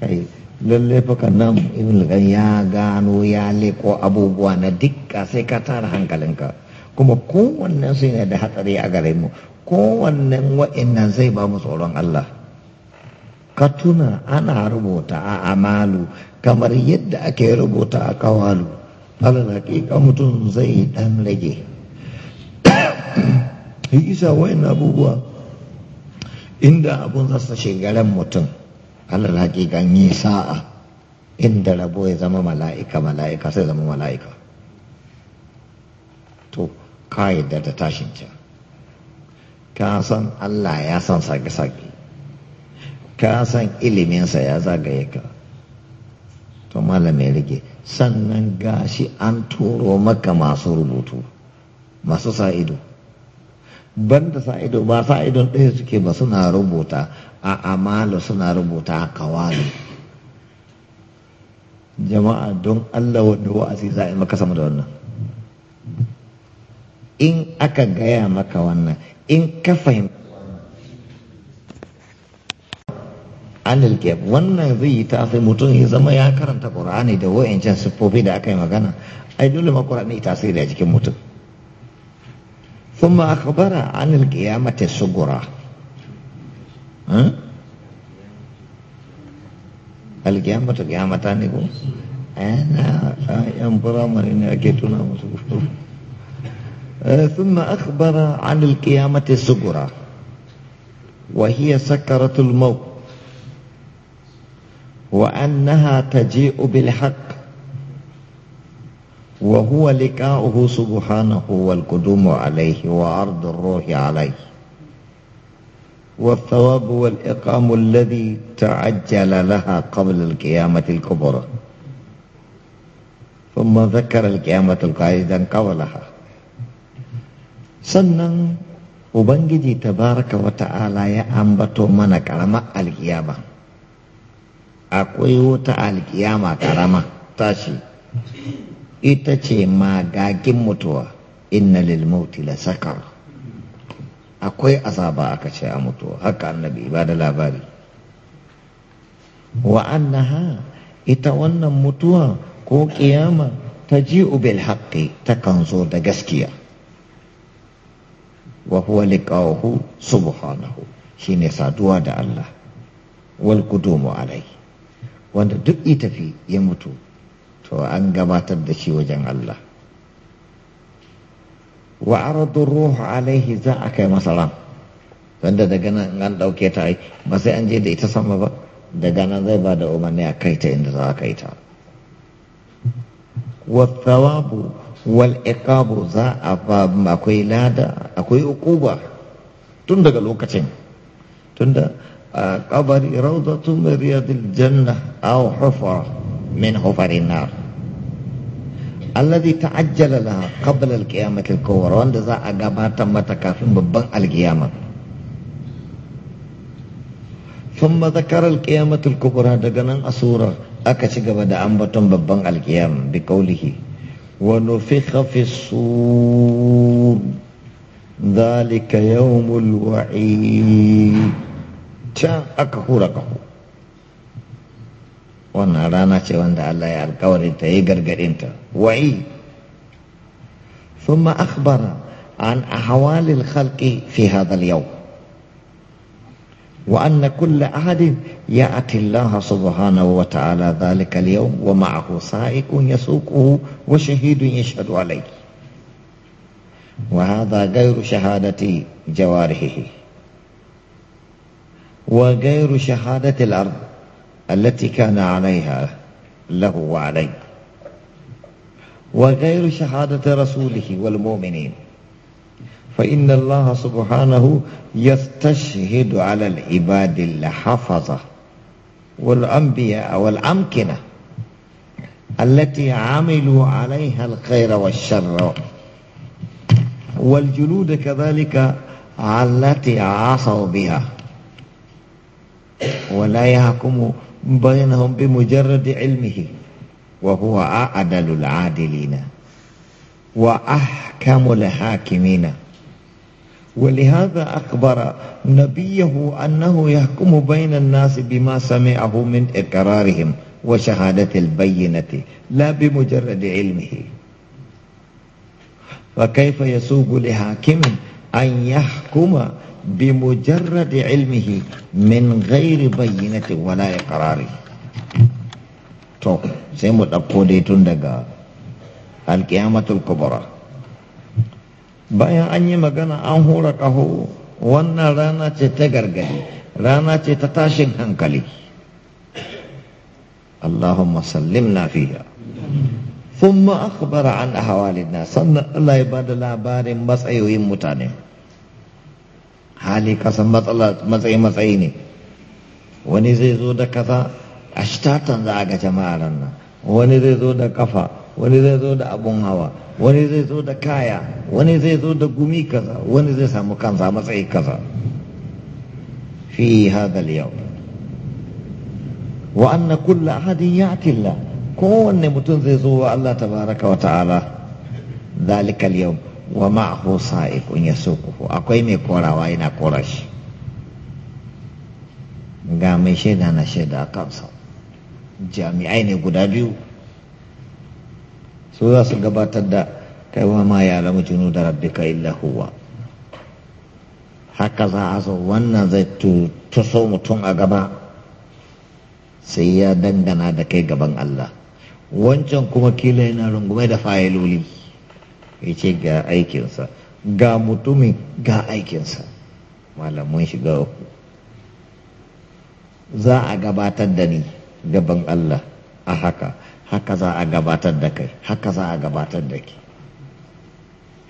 Speaker 1: kai lalle fa nan ibn ya gano ya leko abubuwa na dukka sai ka tara hankalinka kuma kowannen su yana da hatsari a gare mu kowannen wa'annan zai ba mu tsoron Allah ka tuna ana rubuta a amalu kamar yadda ake rubuta a kawalu alal ka mutum zai dan rage yi isa abubuwa inda abun zasa shigaren mutum Allah hakika ganye sa'a inda rabo ya zama mala'ika mala'ika sai zama mala'ika to ka da ta tashin can ka san Allah ya san sage-sage ka san iliminsa ya zagaye ka to malam ya rage sannan gashi an turo maka masu rubutu masu sa ido banda sa ba sa ɗaya suke ba suna rubuta a amalu suna rubuta kawalu jama'a don Allah wanda wa'azi za a yi maka sama da wannan in aka gaya maka wannan in ka fahimta An gap wannan zai yi sai mutum ya zama ya karanta ƙorani da wa'ancan siffofi da aka yi magana ai dole ma ta tasiri da jikin mutum ثم أخبر ya القيامة الصغرى ها القيامة قيامتان يقول أنا آه، ثم أخبر عن القيامة الصغرى وهي سكرة الموت وأنها تجيء بالحق وهو لقاؤه سبحانه والقدوم عليه وعرض الروح عليه والثواب والإقام الذي تعجل لها قبل القيامة الكبرى ثم ذكر القيامة القائدة قولها سنن Ubangiji tabaraka wa ta'ala ya ambato mana karama alkiyama akwai wata alkiyama karama tashi ita ce magagin mutuwa inna lil mauti la sakar akwai azaba aka ce a mutuwa haka annabi ba da labari wa annaha ita wannan mutuwa ko kiyama ta ji bil haƙƙi ta kan zo da gaskiya wa huwa liqa'uhu subhanahu shine saduwa da Allah wal qudumu alai wanda duk itafi ya mutu to an gabatar da shi wajen Allah wa aradu ruh alaihi za a kai masalam wanda daga nan an ɗauke ta yi ba sai an je da ita sama ba daga nan zai ba da umarni a kai ta inda za a kai ta wasawabu wal iqabu za a ba akwai lada akwai uquba tun daga lokacin tun da rawdatu min riyadil janna aw hufar min hufarin nar alladhi ta'ajjala laha qabla al-qiyamati wanda za a gabata mata kafin babban al-qiyama thumma dhakara al-qiyamati daga nan asura aka ci gaba da ambaton babban al-qiyam bi qawlihi wa nufikha fi sur dhalika yawmul wa'id aka hura kahu wannan rana ce wanda Allah ya alkawarin ta yi gargadinta wa'i ثم أخبر عن أحوال الخلق في هذا اليوم وأن كل أحد يأتي الله سبحانه وتعالى ذلك اليوم ومعه سائق يسوقه وشهيد يشهد عليه وهذا غير شهادة جوارحه وغير شهادة الأرض التي كان عليها له وعليه وغير شهادة رسوله والمؤمنين فإن الله سبحانه يستشهد على العباد الحفظة والأنبياء والأمكنة التي عملوا عليها الخير والشر والجلود كذلك التي عصوا بها ولا يحكم بينهم بمجرد علمه وهو أعدل العادلين وأحكم الحاكمين ولهذا أخبر نبيه أنه يحكم بين الناس بما سمعه من إقرارهم وشهادة البينة لا بمجرد علمه فكيف يسوق لحاكم أن يحكم بمجرد علمه من غير بينة ولا إقرار to sai mu ɗauko dai tun daga alkiyamatul kubra bayan an yi magana an hura ƙaho wannan rana ce ta gargadi rana ce ta tashin hankali allahumma sallimna fiha thumma akhbara an ahwalin na sannan Allah ya da labarin matsayoyin mutane hali kasan matsala matsayi-matsayi ne wani zai zo da kasa a shitatan za a ga jama'ar nan wani zai zo da kafa wani zai zo da abun hawa wani zai zo da kaya wani zai zo da gumi kaza wani zai samu kansa matsayi kaza fi hadal yau wa anna kullu ahadin ya'ti kowanne mutum zai zo wa Allah tabaraka wa ta'ala zalikal yau wa ma'ahu sa'iqun yasuquhu akwai mai korawa yana kora shi ga mai shaida na shaida a kansa jami'ai ne guda biyu su za su gabatar da kai wa ma ya lamu junu da rabbika illa huwa haka za a zo wannan zai tuso mutum a gaba sai ya dangana da kai gaban Allah wancan kuma kila yana rungume da fayiloli ya ce ga aikinsa ga mutumin ga aikinsa malamun shiga uku za a gabatar da ni gaban Allah a haka haka za a gabatar da kai haka za a gabatar da ke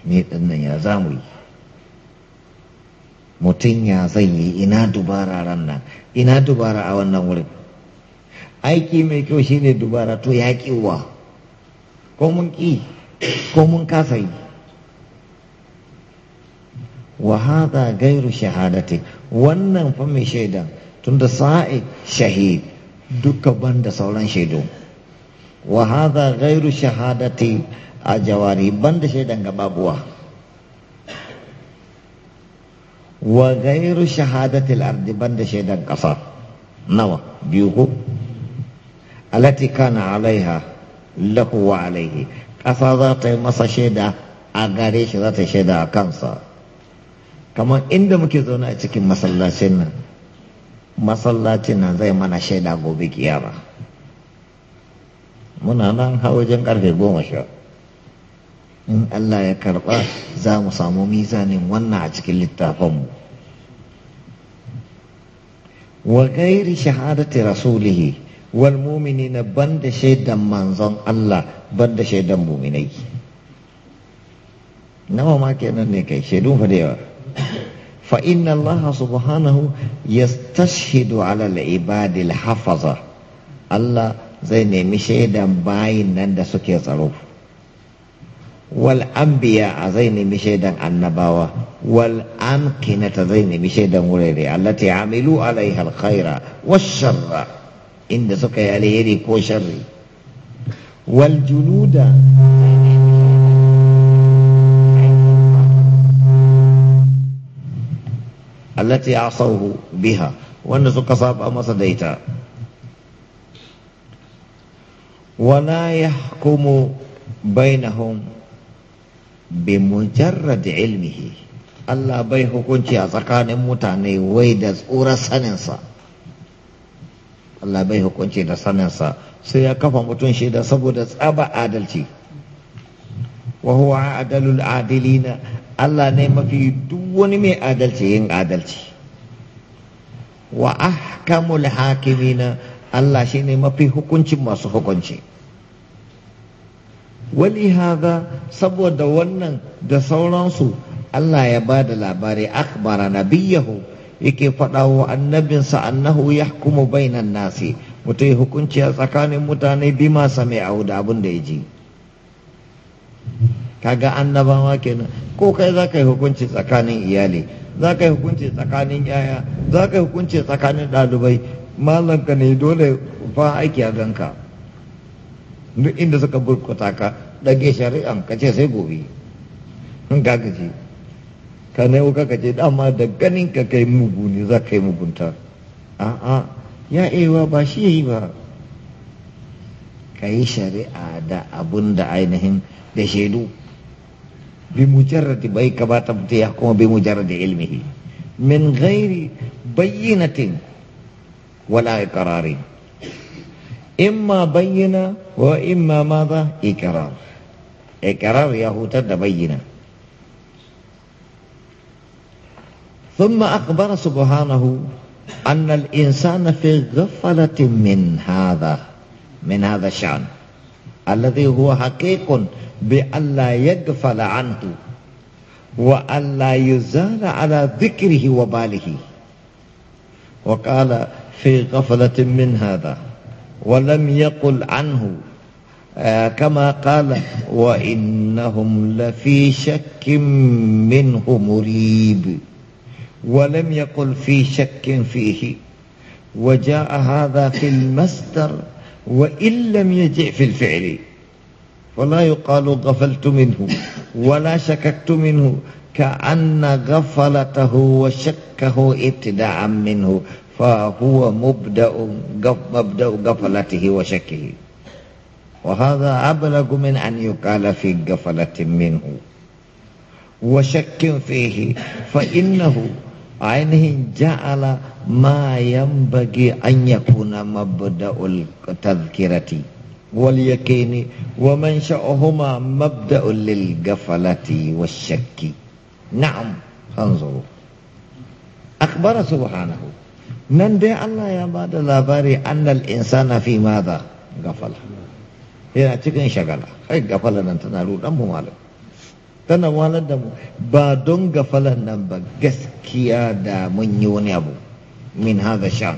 Speaker 1: ni dinnan ya za mu yi mutum ya zai yi ina dubara ranar ina dubara a wannan wurin aiki mai kyau shine dubara to ya kiwa ko mun ki ko mun kasa yi wa hada gairu shahadati wannan fa mai shaidan tunda sa'i shahid duka banda sauran shaidu wa hada gairu shahadati a jawari banda shaidan ga babuwa. wa gairu shahadati al-ardi banda shaidan kasa nawa biyu ko alati kana alaiha lahu wa alaihi ƙasa za ta yi masa shaida a gare shi za ta shaida a kansa kamar inda muke zaune a cikin masallacin nan masallacin nan zai mana shaida gobe kiyama muna nan wajen karfe goma sha in Allah ya karɓa za mu samu mizanin wannan a cikin littafinmu wa gairi shahadati rasulihi wal ban banda shaidan manzon Allah da shaidan mu'minai nawa ma kenan ne kai shaidun fa da yawa fa inna Allah subhanahu yastashhidu ala al-ibadi hafaza Allah zai nemi shaidan bayin nan da suke tsaro wal anbiya zai nemi shaidan annabawa wal amkinata zai nemi shaidan wurare allati amilu alaiha al-khaira wash-sharra inda suka yi alheri ko sharri wal junuda allati asawhu biha wanda suka saba masa da ita wala yahkumu bainahum bi mujarrad ilmihi Allah bai hukunci a tsakanin mutane wai da tsoron saninsa Allah bai hukunci da saninsa sai ya kafa mutum shida saboda tsaba adalci wa huwa adalul adilina Allah ne mafi duk wani mai adalci yin adalci wa ahkamul hakimina Allah shi ne mafi hukuncin masu hukunci wani haza saboda wannan da sauransu Allah ya ba da labari akbara nabiyahu yake faɗa wa sa annahu yahkumu bainan nasi mutai hukunci a tsakanin mutane bima a da abin da ya ji kaga annabawa kenan ko kai za ka yi hukunci tsakanin iyali za ka yi hukunci tsakanin yaya za ka yi hukunci tsakanin ɗalibai malanka ne dole fa aiki a ganka duk inda suka burkuta ka ɗage shari'an ka ce sai gobe in gagaji ka ne wuka ka ce dama da ganin ka kai mugu ne za ka yi mugunta a'a ya ewa ba shi yi ba ka yi shari'a da abun da ainihin da shaidu bi mujarradi bai kamata ta ya kuma bi mujarradi ilmihi min ghairi bayyinatin wala iqrarin imma bayyana wa imma madha iqrar iqrar ya hutar da bayyana ثم أخبر سبحانه أن الإنسان في غفلة من هذا من هذا الشأن الذي هو حقيق بألا يغفل عنه وألا يزال على ذكره وباله وقال في غفلة من هذا ولم يقل عنه آه، كما قال وإنهم لفي شك منه مريب ولم يقل في شك فيه وجاء هذا في المصدر وإن لم يجع في الفعل ولا يقال غفلت منه ولا شككت منه كأن غفلته وشكه ابتداء منه فهو مبدأ مبدأ غفلته وشكه وهذا أبلغ من أن يقال في غفلة منه وشك فيه فإنه ainihin ja'ala ma yambagi an yakuna mabda'ul tazkirati wal yakini wa man sha'ahuma mabda'ul lil ghaflati wash-shakki na'am anzuru akhbara subhanahu nan dai Allah ya bada labari annal insana fi madha ghafala yana cikin shagala ai gafala nan tana rudan mu malam tana walar da mu ba don gafalan nan ba gaskiya da mun yi wani abu min haza shan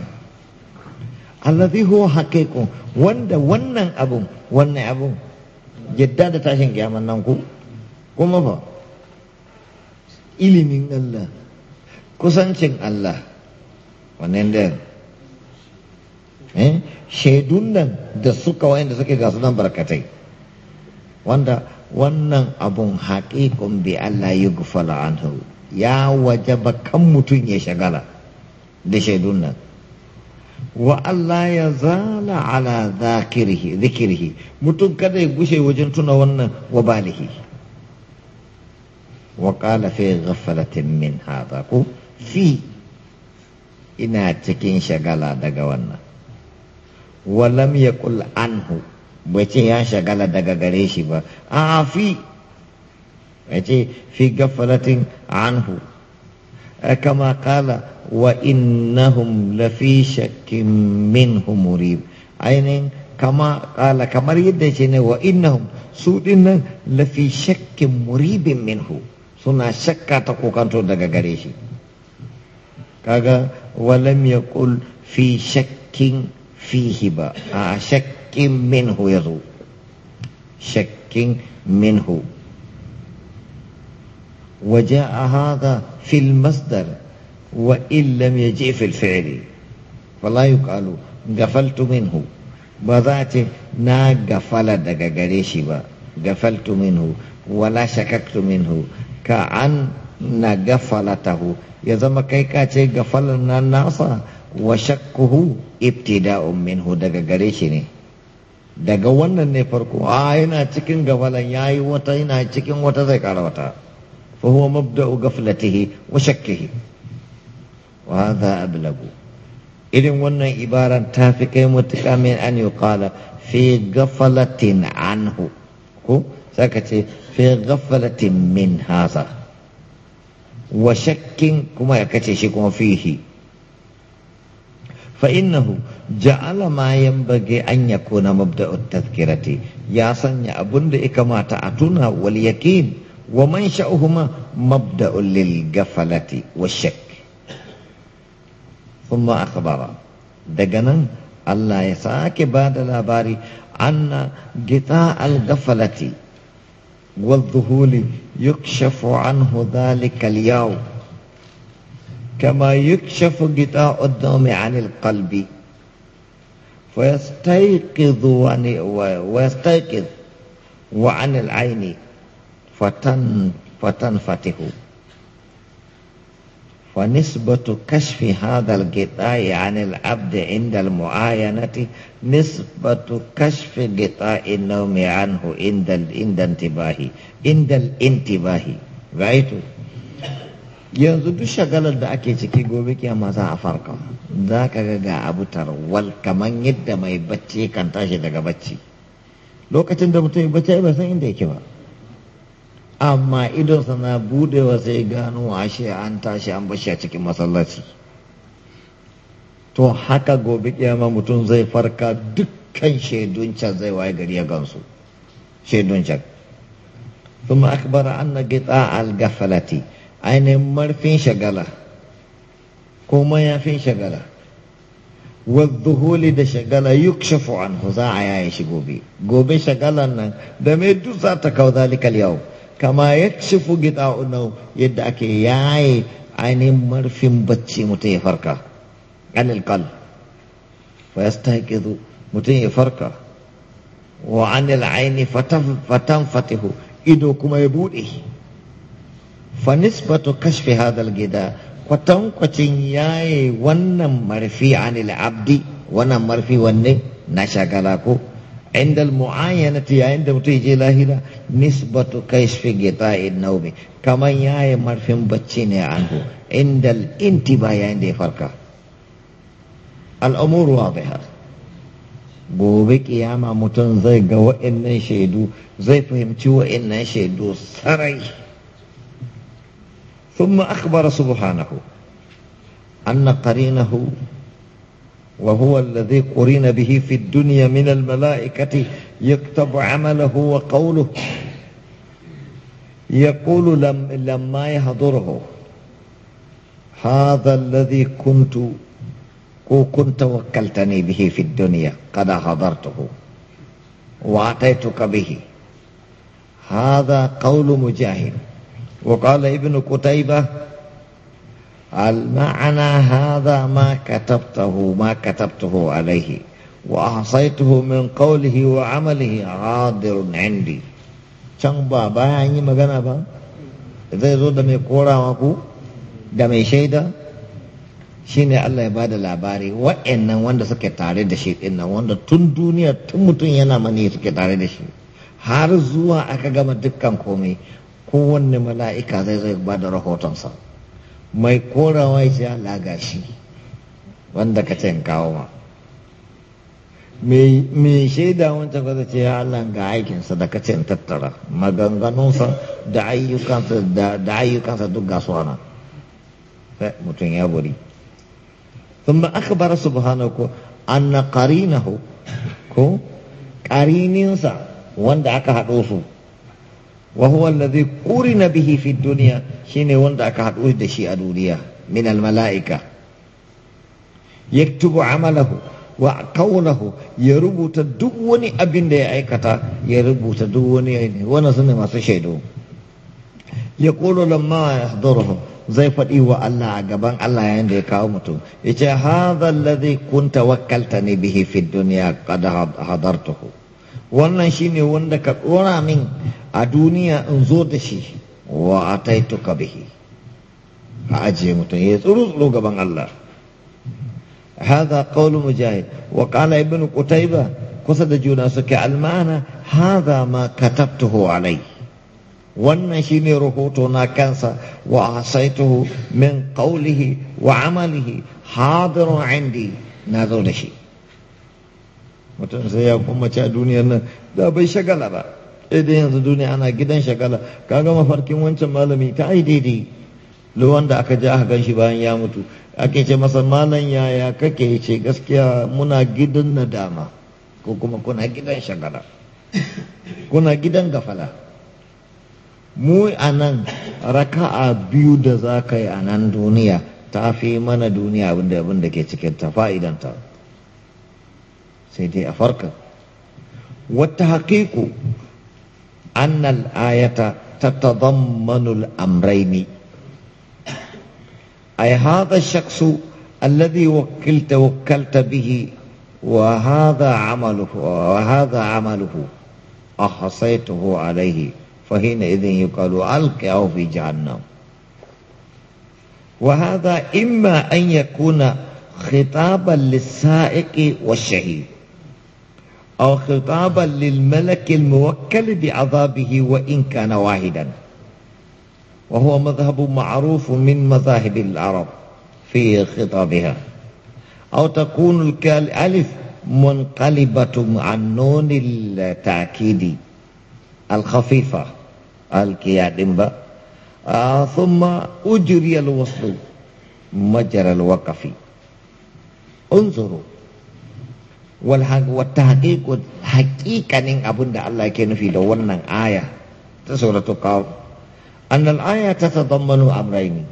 Speaker 1: allazi huwa haqiqun wanda wannan abun wannan abun yadda da tashin kiyaman nan ku kuma fa ilimin Allah kusancin Allah wannan da eh shaidun nan da suka da suke gasu nan barkatai wanda wannan abun haƙiƙun bi Allah yi gufala anhu ya waje kan mutum ya shagala da shaidun nan wa Allah ya zala ala zikirhi mutum kada ya gushe wajen tuna wannan wa balihi wa ƙala fi min hadha ku fi ina cikin shagala daga wannan walam ya anhu bai ce ya shagala daga gare shi ba a fi ce fi gafalatin anhu kama kala wa innahum lafi shakkin min humuri ainihin kama kala kamar yadda ce ne wa innahum su dinnan lafi shakkin muribin minhu suna shakka ta kokanto daga gare shi kaga walam kul fi shakkin fihi ba a shakkin minhu ya zo shakkin minhu waje a haza fil masdar wa illam ya je fil fi'li wala gafaltu minhu ba za ce na gafala daga gare shi ba gafaltu minhu wala shakaktu minhu ka an na gafalatahu ya zama kai ka ce gafalar na nasa wa shakkuhu ibtida'un minhu daga gare shi ne daga wannan ne farko a yana cikin gabalan yayi wata yana cikin wata zai kara wata fa huwa mabda'u ghaflatihi wa shakkihi wa hadha ablagu irin wannan ibaran ta fi kai mutuka min an yuqala fi ghaflatin anhu ko saka ce fi ghaflatin min hadha wa shakkin kuma ya kace shi kuma fihi فإنه جعل ما ينبغي أن يكون مبدأ التذكرة يا سنيا أبن ما تعتنا واليقين ومنشأهما مبدأ للغفلة والشك ثم أخبر دقنا الله يساك بعد الأباري أن غطاء الغفلة والذهول يكشف عنه ذلك اليوم كما يكشف غطاء الدم عن القلب فيستيقظ ويستيقظ وعن العين فتن فتنفته فنسبة كشف هذا الغطاء عن العبد عند المعاينة نسبة كشف غطاء النوم عنه عند عند الانتباه عند الانتباه رأيت yanzu duk shagalar da ake ciki gobe kiyama za a farka za ka ga ga abu tarwal kamar yadda mai bacci kan tashi daga bacci lokacin da mutum bacci bai san inda yake ba amma sa na budewa sai gano ashe an tashi an bashi a cikin masallaci to haka gobe kiyama mutum zai farka dukkan shaidun can zai waye gari ya gansu shaidun can ثم أخبر أن قطاع القفلة ainihin marfin shagala ko mayafin shagala wadduhuli da shagala yukshafu anhu za a yaya shi gobe gobe shagalan nan da mai duk za ta kawo zalikal yau kama ya shifu gida unau yadda ake yaye ainihin marfin bacci mutum ya farka anil kal fa yastaqizu mutum ya farka wa anil aini fatan fatihu ido kuma ya bude فنسبه كشف هذا gida, kwatan kwacin ya yi wannan marfi anil abdi wannan marfi wanne na shagala ko inda mu'ayyana ta yayin da mutum je lahira nisbatu kashfi gita naumi kaman ya yi marfin bacci ne a ango inda inti ba yayin da ya farka al'amuru wa biha gobe ƙiyama mutum zai ga wa'annan shaidu zai fahimci wa'annan shaidu sarai ثم أخبر سبحانه أن قرينه وهو الذي قرين به في الدنيا من الملائكة يكتب عمله وقوله يقول لم لما يحضره هذا الذي كنت كنت وكلتني به في الدنيا قد حضرته وأعطيتك به هذا قول مجاهد وقال ابن قتيبة المعنى هذا ما كتبته ما كتبته عليه وأحصيته من قوله وعمله غادر عندي can ba bayan yi magana ba zai zo da mai korawa ku da mai shaida shine Allah ya bada labari wa'annan wanda suke tare da shi dinnan wanda tun duniya tun mutum yana mani suke tare da shi har zuwa aka gama dukkan komai kowanne mala'ika zai zai ba da rahotonsa mai korawa ya laga shi wanda ka ce kawo ma mai shaida wancan kwata ce ya Allah ga aikinsa da kace in tattara maganganunsa da ayyukansa da ayyukansa duk ga su ana mutum ya buri ثم أخبر سبحانه أن na ko ƙarininsa wanda aka haɗo su wa huwa alladhi qurina bihi fi dunya shine wanda aka hadu da shi a duniya min al malaika yaktubu amalahu wa kaunahu ya rubuta duk wani abin da ya aikata ya rubuta duk wani aini wannan masu shaidu ya kolo lamma ya zai faɗi wa Allah a gaban Allah yayin da ya kawo mutum ya ce hadha alladhi kunta wakkaltani bihi fi dunya qad hadartuhu wannan shine wanda ka ɗora min a duniya in zo da shi wa a taito bihi a ajiye mutum ya tsuru tsuru gaban Allah haza qawlu mujahid wa qala ibnu qutayba kusa da juna suke almana haza ma katabtuhu alai wannan shine rahoto na kansa wa asaituhu min qawlihi wa amalihi hadirun indi na zo da shi mutum sai ya kummace a duniyar nan da bai shagala ba sai dai yanzu duniya ana gidan shagala Ka gama mafarkin wancan malami ta ai daidai Luwan da aka ja aka gan shi bayan ya mutu ake ce masa malam yaya kake ce gaskiya muna gidan nadama ko kuma kuna gidan shagala kuna gidan gafala mu a nan raka'a biyu da za ka yi a nan duniya ta fi mana duniya abinda abinda ke cikin ta fa'idanta سيدي dai والتحقيق أن الآية تتضمن الأمرين أي هذا الشخص الذي وكلت وكلت به وهذا عمله وهذا عمله أحصيته عليه فحينئذ يقال ألقاه في جهنم وهذا إما أن يكون خطابا للسائق والشهيد أو خطابا للملك الموكل بعذابه وإن كان واحدا وهو مذهب معروف من مذاهب العرب في خطابها أو تكون الألف منقلبة عن نون التأكيد الخفيفة الكيادمبا آه ثم أجري الوصل مجرى الوقف انظروا wal tahqiqu haqiqanin abin da Allah yake nufi da wannan aya ta suratul qaf an al aya ta tadammanu amrayn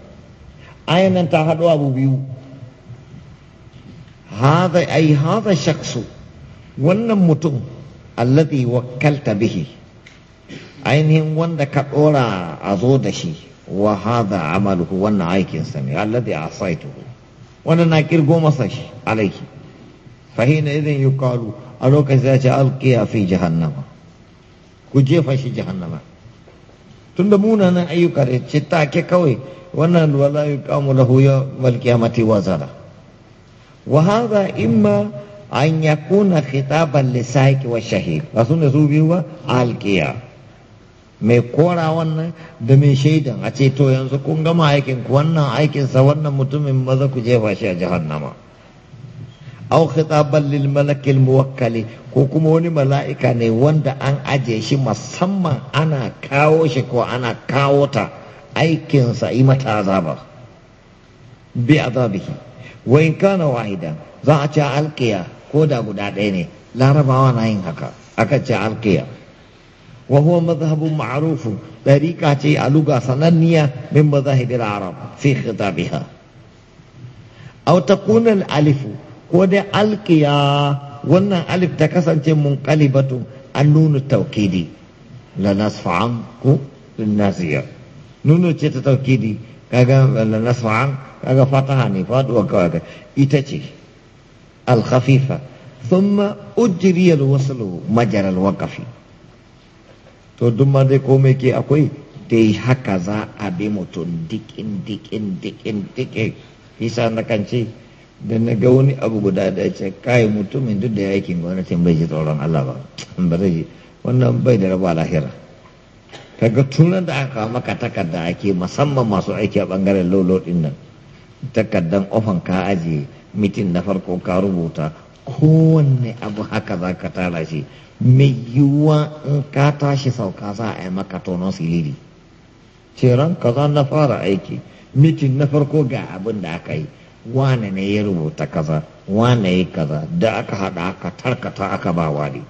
Speaker 1: ayan nan ta hado abu biyu hada ai wannan mutum alladhi bihi ainihin wanda ka ɗora a zo da shi wa hada amaluhu wannan aikinsa ne alladhi asaituhu wannan na kirgo masa shi alaiki. fahina idan yuqalu a lokacin za ce alqiya fi jahannama ku jefa shi jahannama tunda munanan ayyuka da ce kawai wannan wala yuqamu lahu yawmal qiyamati wazara wa hadha imma an yakuna khitaban li wa shahid asun da su biyu ba alqiya mai kora wannan da mai shaida a ce to yanzu kun gama aikin ku wannan aikinsa wannan mutumin maza ku jefa shi a jahannama aw khitaban lil malakil muwakkali ko kuma wani mala'ika ne wanda an aje shi musamman ana kawo shi ko ana kawo ta aikinsa yi mata azaba bi azabihi wa in kana wahida za a ce alqiya ko da guda ɗaya ne larabawa na yin haka aka ce alqiya wa huwa madhhabun ma'rufun dariqa ce a luga sananniya min madhahibil arab fi khitabiha aw takuna al alifu ko dai alkiya wannan alif ta kasance mun an nuna taukidi la nasfa'an ku nasiya nuna ce ta taukidi kaga la nasfa'an kaga fataha ne faduwa kaga ita ce al-khafifa thumma ujri al-waslu majara al to duk ma dai komai ke akwai dai haka za a bi mutum dikin dikin dikin dikin isa na kan da na ga wani abu guda da ya ce kai mutumin duk da yakin gwamnatin bai ji tsoron Allah ba ba zai yi wannan bai da raba lahira kaga tunan da aka maka takarda ake musamman masu aiki a bangaren lolo din nan takardan ofan ka aje mitin na farko ka rubuta kowanne abu haka za ka tara shi mai yiwuwa in ka tashi sauka za a yi maka tonon siliri ce ran kaza na fara aiki mitin na farko ga abin da aka yi wane ne ya rubuta kaza wane ya kaza da aka haɗa aka tarkata aka ba wani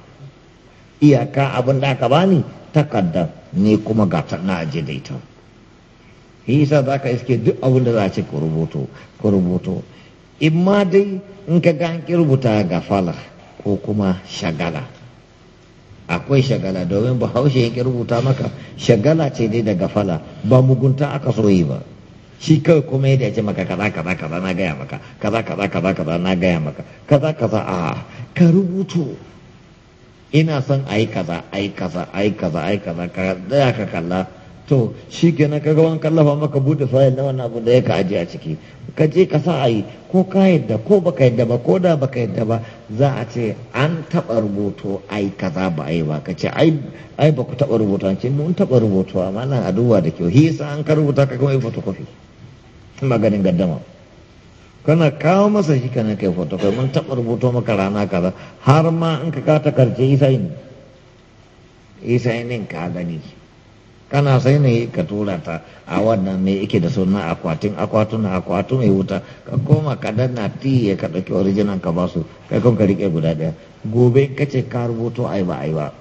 Speaker 1: iyaka abin da aka bani takarda ne kuma ga ta na aje da ita shi yasa za ka iske duk abin da za a ce ku rubuto ku rubuto in ma dai in ka ga an ki rubuta fala ko kuma shagala akwai shagala domin bahaushe ya ki rubuta maka shagala ce dai da gafala ba mugunta aka so yi ba shi kawai kuma yadda ya ce maka kaza kaza kaza na gaya maka kaza kaza kaza kaza na gaya maka kaza kaza a ka rubuto ina son a yi kaza a yi kaza a yi kaza a yi kaza ka tsaya ka kalla to shi kenan kaga wani kallafa maka bude fayil na wani abu da ya ka aji a ciki ka je ka sa a yi ko ka yadda ko baka yadda ba ko da baka yadda ba za a ce an taɓa rubuto yi kaza ba yi ba ka ce ai ba ku taɓa an ce mun taɓa a malam a duba da kyau hisa an ka rubuta ka kuma yi fotokofi maganin gaddama kana kawo masa shi kana kai foto kai mun taɓa rubuto maka rana kaza har ma in ka kata karce isayin isayin ka gani kana sai ne ka tura ta a wannan ne yake da suna akwatin akwatun akwatu mai wuta ka koma ka danna ti ya ka ɗauki original ka basu kai kun ka riƙe guda ɗaya gobe ka ce ka rubuto ai ba ai ba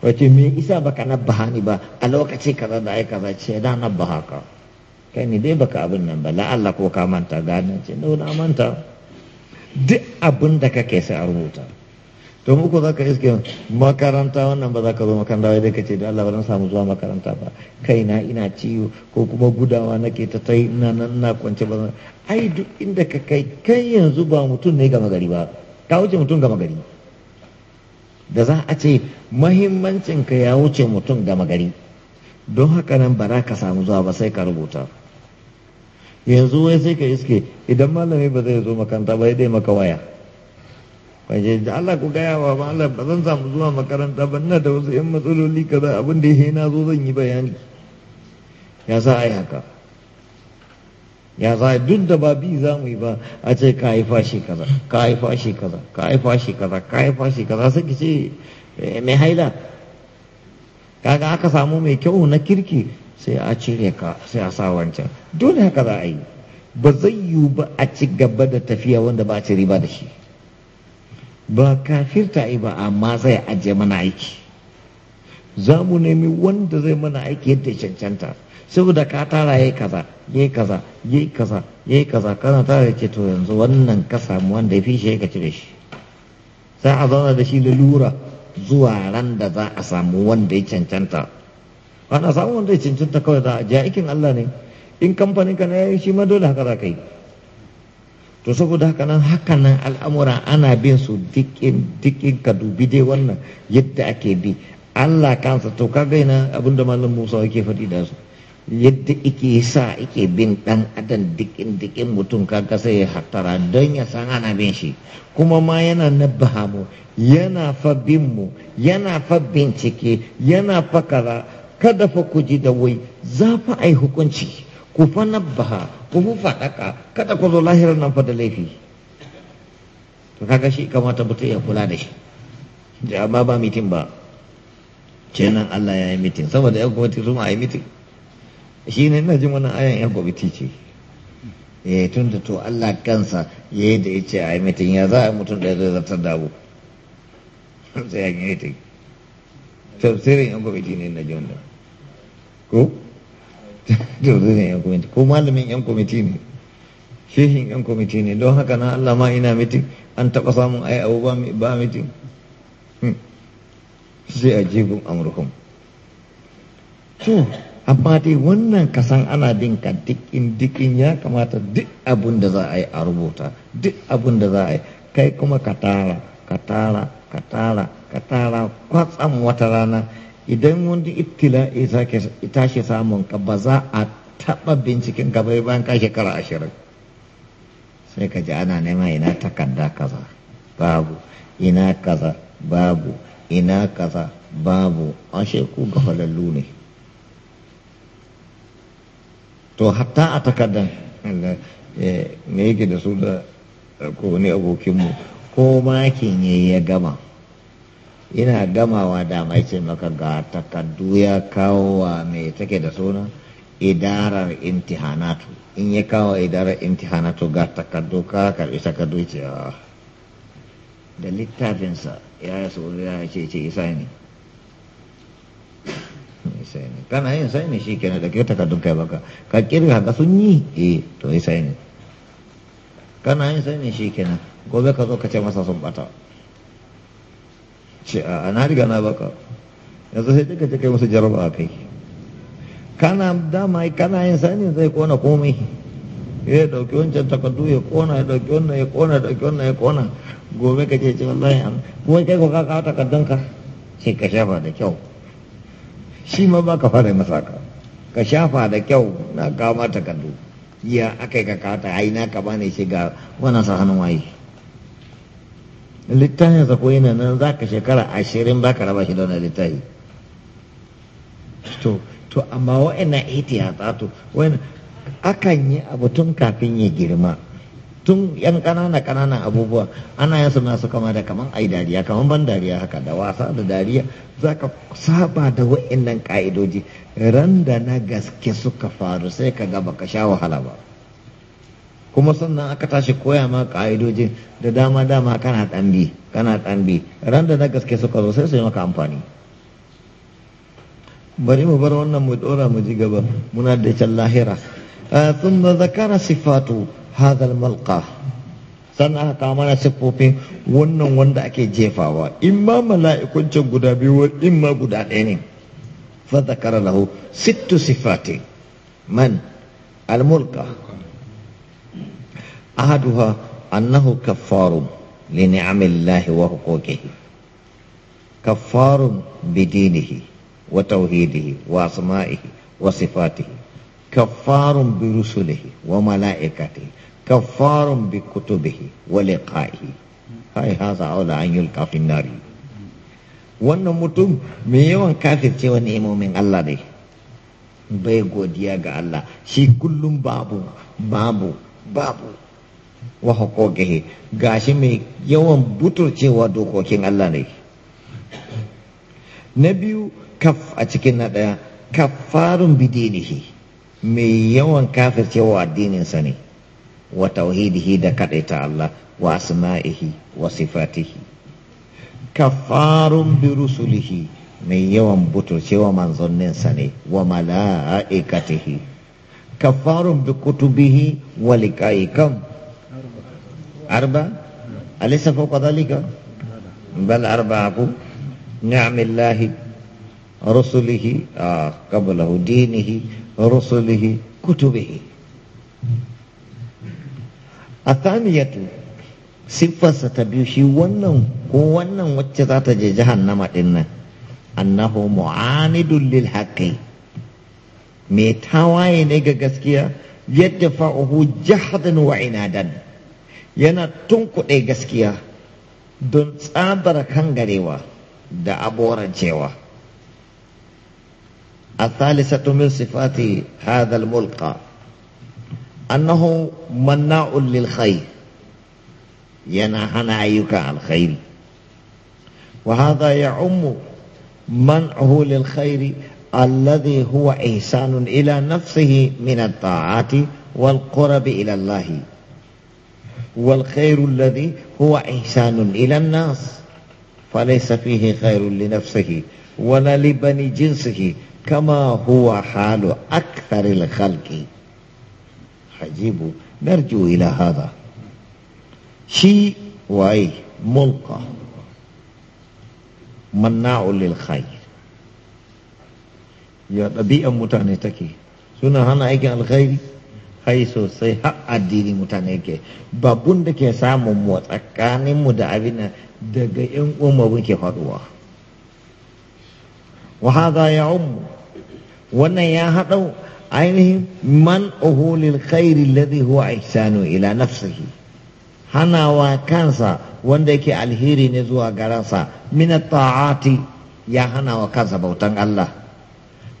Speaker 1: wace me isa baka na bahani ba a lokaci kaza da ai kaza ce da nabbaha haka kai ne dai baka abin nan ba la'alla ko ka manta gane ce da wani manta duk abin da kake sai a rubuta to muku za ka iske makaranta wannan ba za ka zo makaranta wai dai ka ce da Allah ba samu zuwa makaranta ba kai na ina ciwo ko kuma gudawa nake ta tai ina nan na kwance ba ai duk inda ka kai kai yanzu ba mutum ne gama gari ba ka wuce mutum gama gari da za a ce mahimmancin ka ya wuce mutum gama gari don haka nan ba za ka samu zuwa ba sai ka rubuta yanzu wai sai ka iske idan malami ba zai zo makaranta ba dai maka waya waje da Allah ku gaya wa ba Allah ba zan samu zuwa makaranta ba ina da wasu 'yan matsaloli kaza abin da ya na zo zan yi bayani ya sa ai haka ya sa duk da ba bi za mu yi ba a ce ka haifa shi kaza ka haifa shi kaza ka haifa shi kaza ka haifa shi kaza sai ki ce eh, mai haila kaga aka samu mai kyau na kirki sai a cire ka sai a sa wancan dole haka za a yi ba zai yiwu ba a ci gaba da tafiya wanda ba a ci riba da shi ba kafirta yi ba amma zai ajiye mana aiki za mu nemi wanda zai mana aiki yadda cancanta saboda ka tara yayi kaza yayi kaza yayi kaza yayi kaza kana tara ce to yanzu wannan ka samu wanda ya fi shi ka cire shi za a zauna da shi da lura zuwa ran da za a samu wanda ya cancanta ana samun wanda ya cancanta kawai za a ji aikin Allah ne in kamfanin ka na yayi shi ma dole haka za ka yi to saboda haka nan haka nan al'amura ana bin su dikin dikin ka dubi dai wannan yadda ake bi Allah kansa to ka gaina abinda malam Musa yake faɗi da su yadda ike sa ike bin dan adam dikin dikin mutum ga sai ya hatara don ya san ana bin shi kuma ma yana na mu yana fa bin mu yana fa bincike yana fa kaza kada fa ku ji da wai za fa ai hukunci ku fa nabbaha ku fa fadaka kada ku zo lahirar nan fa da laifi to kaga shi kamata mutum ya kula da shi da amma ba mitin ba kenan Allah ya yi mitin saboda ya gwamnati su a yi mitin shi ne ina jin wannan ayan yan gwamnati ce eh tun da to Allah kansa ya yi da ya ce a yi mitin ya za a mutum da ya zai zartar da abu sai ya yi mitin tafsirin gobe gwamnati ne na jin wannan ko dole ne yan kwamiti ko malamin yan kwamiti ne shehin yan kwamiti ne don haka na Allah ma ina mitin an taɓa samun ai abu ba mitin hmm. sai a jibin amurkum to amma dai wannan kasan ana bin ka dikin dikin ya kamata duk abun da za a yi a rubuta duk abun da za a yi kai kuma ka tara ka tara ka tara ka tara kwatsam wata rana idan wani ita tashi samun ka ba za a taɓa binciken ka bai bayan ka shekara ashirin sai ka ji ana nema ina takarda kaza babu ina kaza babu ina kaza babu ashe ku gafalallu ne to hatta a takardan eh, me yake da su da eh, ko wani abokinmu ko makin ya gama ina gamawa da mai ce maka ga takardu ya kawo wa mai take da suna idarar intihanatu in ya kawo idarar intihanatu ga takardu ka karbi takardu ce ah. da littafinsa ya yi so ya ce ce isa ne kana yin sai ne shi kenan da ke takardun kai baka ka kirga haka sun yi eh to isa ne kana yin sai ne shi kenan gobe ka zo ka ce masa sun bata ce a na riga na baka yanzu sai duka kai musu jaraba kai kana dama kana yin sani zai kona komai ya dauki wancan takardu ya kona ya dauki wannan ya kona ya dauki wannan ya kona gobe ka ce ce wallahi an kuma kai ko ka kawo takardun ka sai ka shafa da kyau shi ma ba ka fara masa ka ka shafa da kyau na kawo ma takardu ya akai ka kawo ta aina ka bane shiga ga wannan sa hannun waye littafin sa ko yana nan za ka shekara ashirin ba ka raba shi da wani littafi to to amma iti ya to wani akan yi abu tun kafin ya girma tun yan kanana ƙananan abubuwa ana yin su kama da kaman ai dariya kaman ban dariya haka da wasa da dariya za ka saba da wa'annan ƙa'idoji ran da na gaske suka faru sai ka gaba ka sha wahala ba kuma sannan aka tashi koya ma ka'idojin da dama dama kana ɗanbi kana ɗanbi ran da na gaske suka zo sai su yi maka amfani bari mu bar wannan mu dora mu ji gaba muna da can lahira ah, thumma zakara sifatu hadha malqa sannan aka mana siffofin wannan wanda ake jefawa in ma mala'ikuncin can guda biyu in ma guda ɗaya ne fa zakara lahu sittu sifati man al-mulka ahaduha annahu kaffarun li ni'amillahi wa huquqihi kaffarun bi dinihi wa tauhidihi wa asma'ihi wa sifatihi kaffarun bi rusulihi wa mala'ikatihi kaffarun bi kutubihi wa liqa'ihi hai haza aula an yulqa fi nari wannan mutum mai yawan kafircewa ni'imomin Allah ne bai godiya ga Allah shi kullum babu babu babu wa ga gashi mai yawan buturcewa dokokin Allah ne na biyu kaf a cikin na ɗaya kafarun bidinihi mai yawan kafircewa addininsa ne wa tauhidihi da kaɗaita Allah wa asma'ihi wa sifatihi kafarun biru rusulihi mai yawan buturcewa manzanninsa ne wa mala'ikatihi kafarun bi kutubihi wa kan أربعة أليس فوق ذلك بل أربعة نعم الله رسله آه قبله دينه رسله كتبه الثانية siffarsa ta biyu shi wannan ko wannan wacce za ta je jahannama din nan annahu mu'anidun lil haqqi me tawaye ne ga gaskiya yadda fa'uhu jahadan wa dan. yana tunkuɗe gaskiya don tsabar kan garewa da aborancewa a thalisatu min sifati hadal mulka annahu manna'un lil yana hana ayyuka alkhairi wa hadha ya'ummu man'ahu lil khairi alladhi huwa ihsanun ila nafsihi min at-ta'ati wal qurbi ila allahi والخير الذي هو إحسان إلى الناس فليس فيه خير لنفسه ولا لبني جنسه كما هو حال أكثر الخلق عجيب نرجو إلى هذا شيء وأي ملقى مناع للخير يا ɗabi'an mutane تكي سنة هنا aikin الخير hai sosai har addini mutane ke babun da ke samun mu tsakanin mu da abin daga yan umma ke faduwa wa hada ya wannan ya haɗau ainihin man uhulil khairi alladhi huwa ihsanu ila nafsihi hanawa kansa wanda yake alheri ne zuwa garansa min ta'ati ya hanawa kansa bautan Allah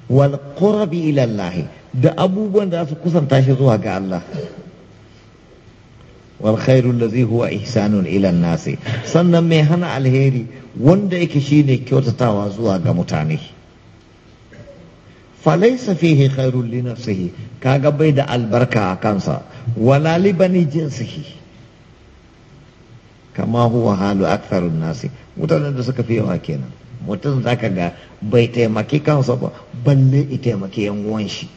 Speaker 1: wal qurbi ila Allah da abubuwan da su kusanta shi zuwa ga Allah wal khairu ladhi huwa ihsanun ila nasi sannan mai hana alheri wanda yake shine kyautatawa zuwa ga mutane falaisa fihi khairul li nafsihi kaga bai da albarka a kansa wala li bani jinsihi kama huwa halu aktharun nasi mutanen da suka fi yawa kenan mutum zaka ga bai taimaki kansa ba balle i taimaki yan uwan shi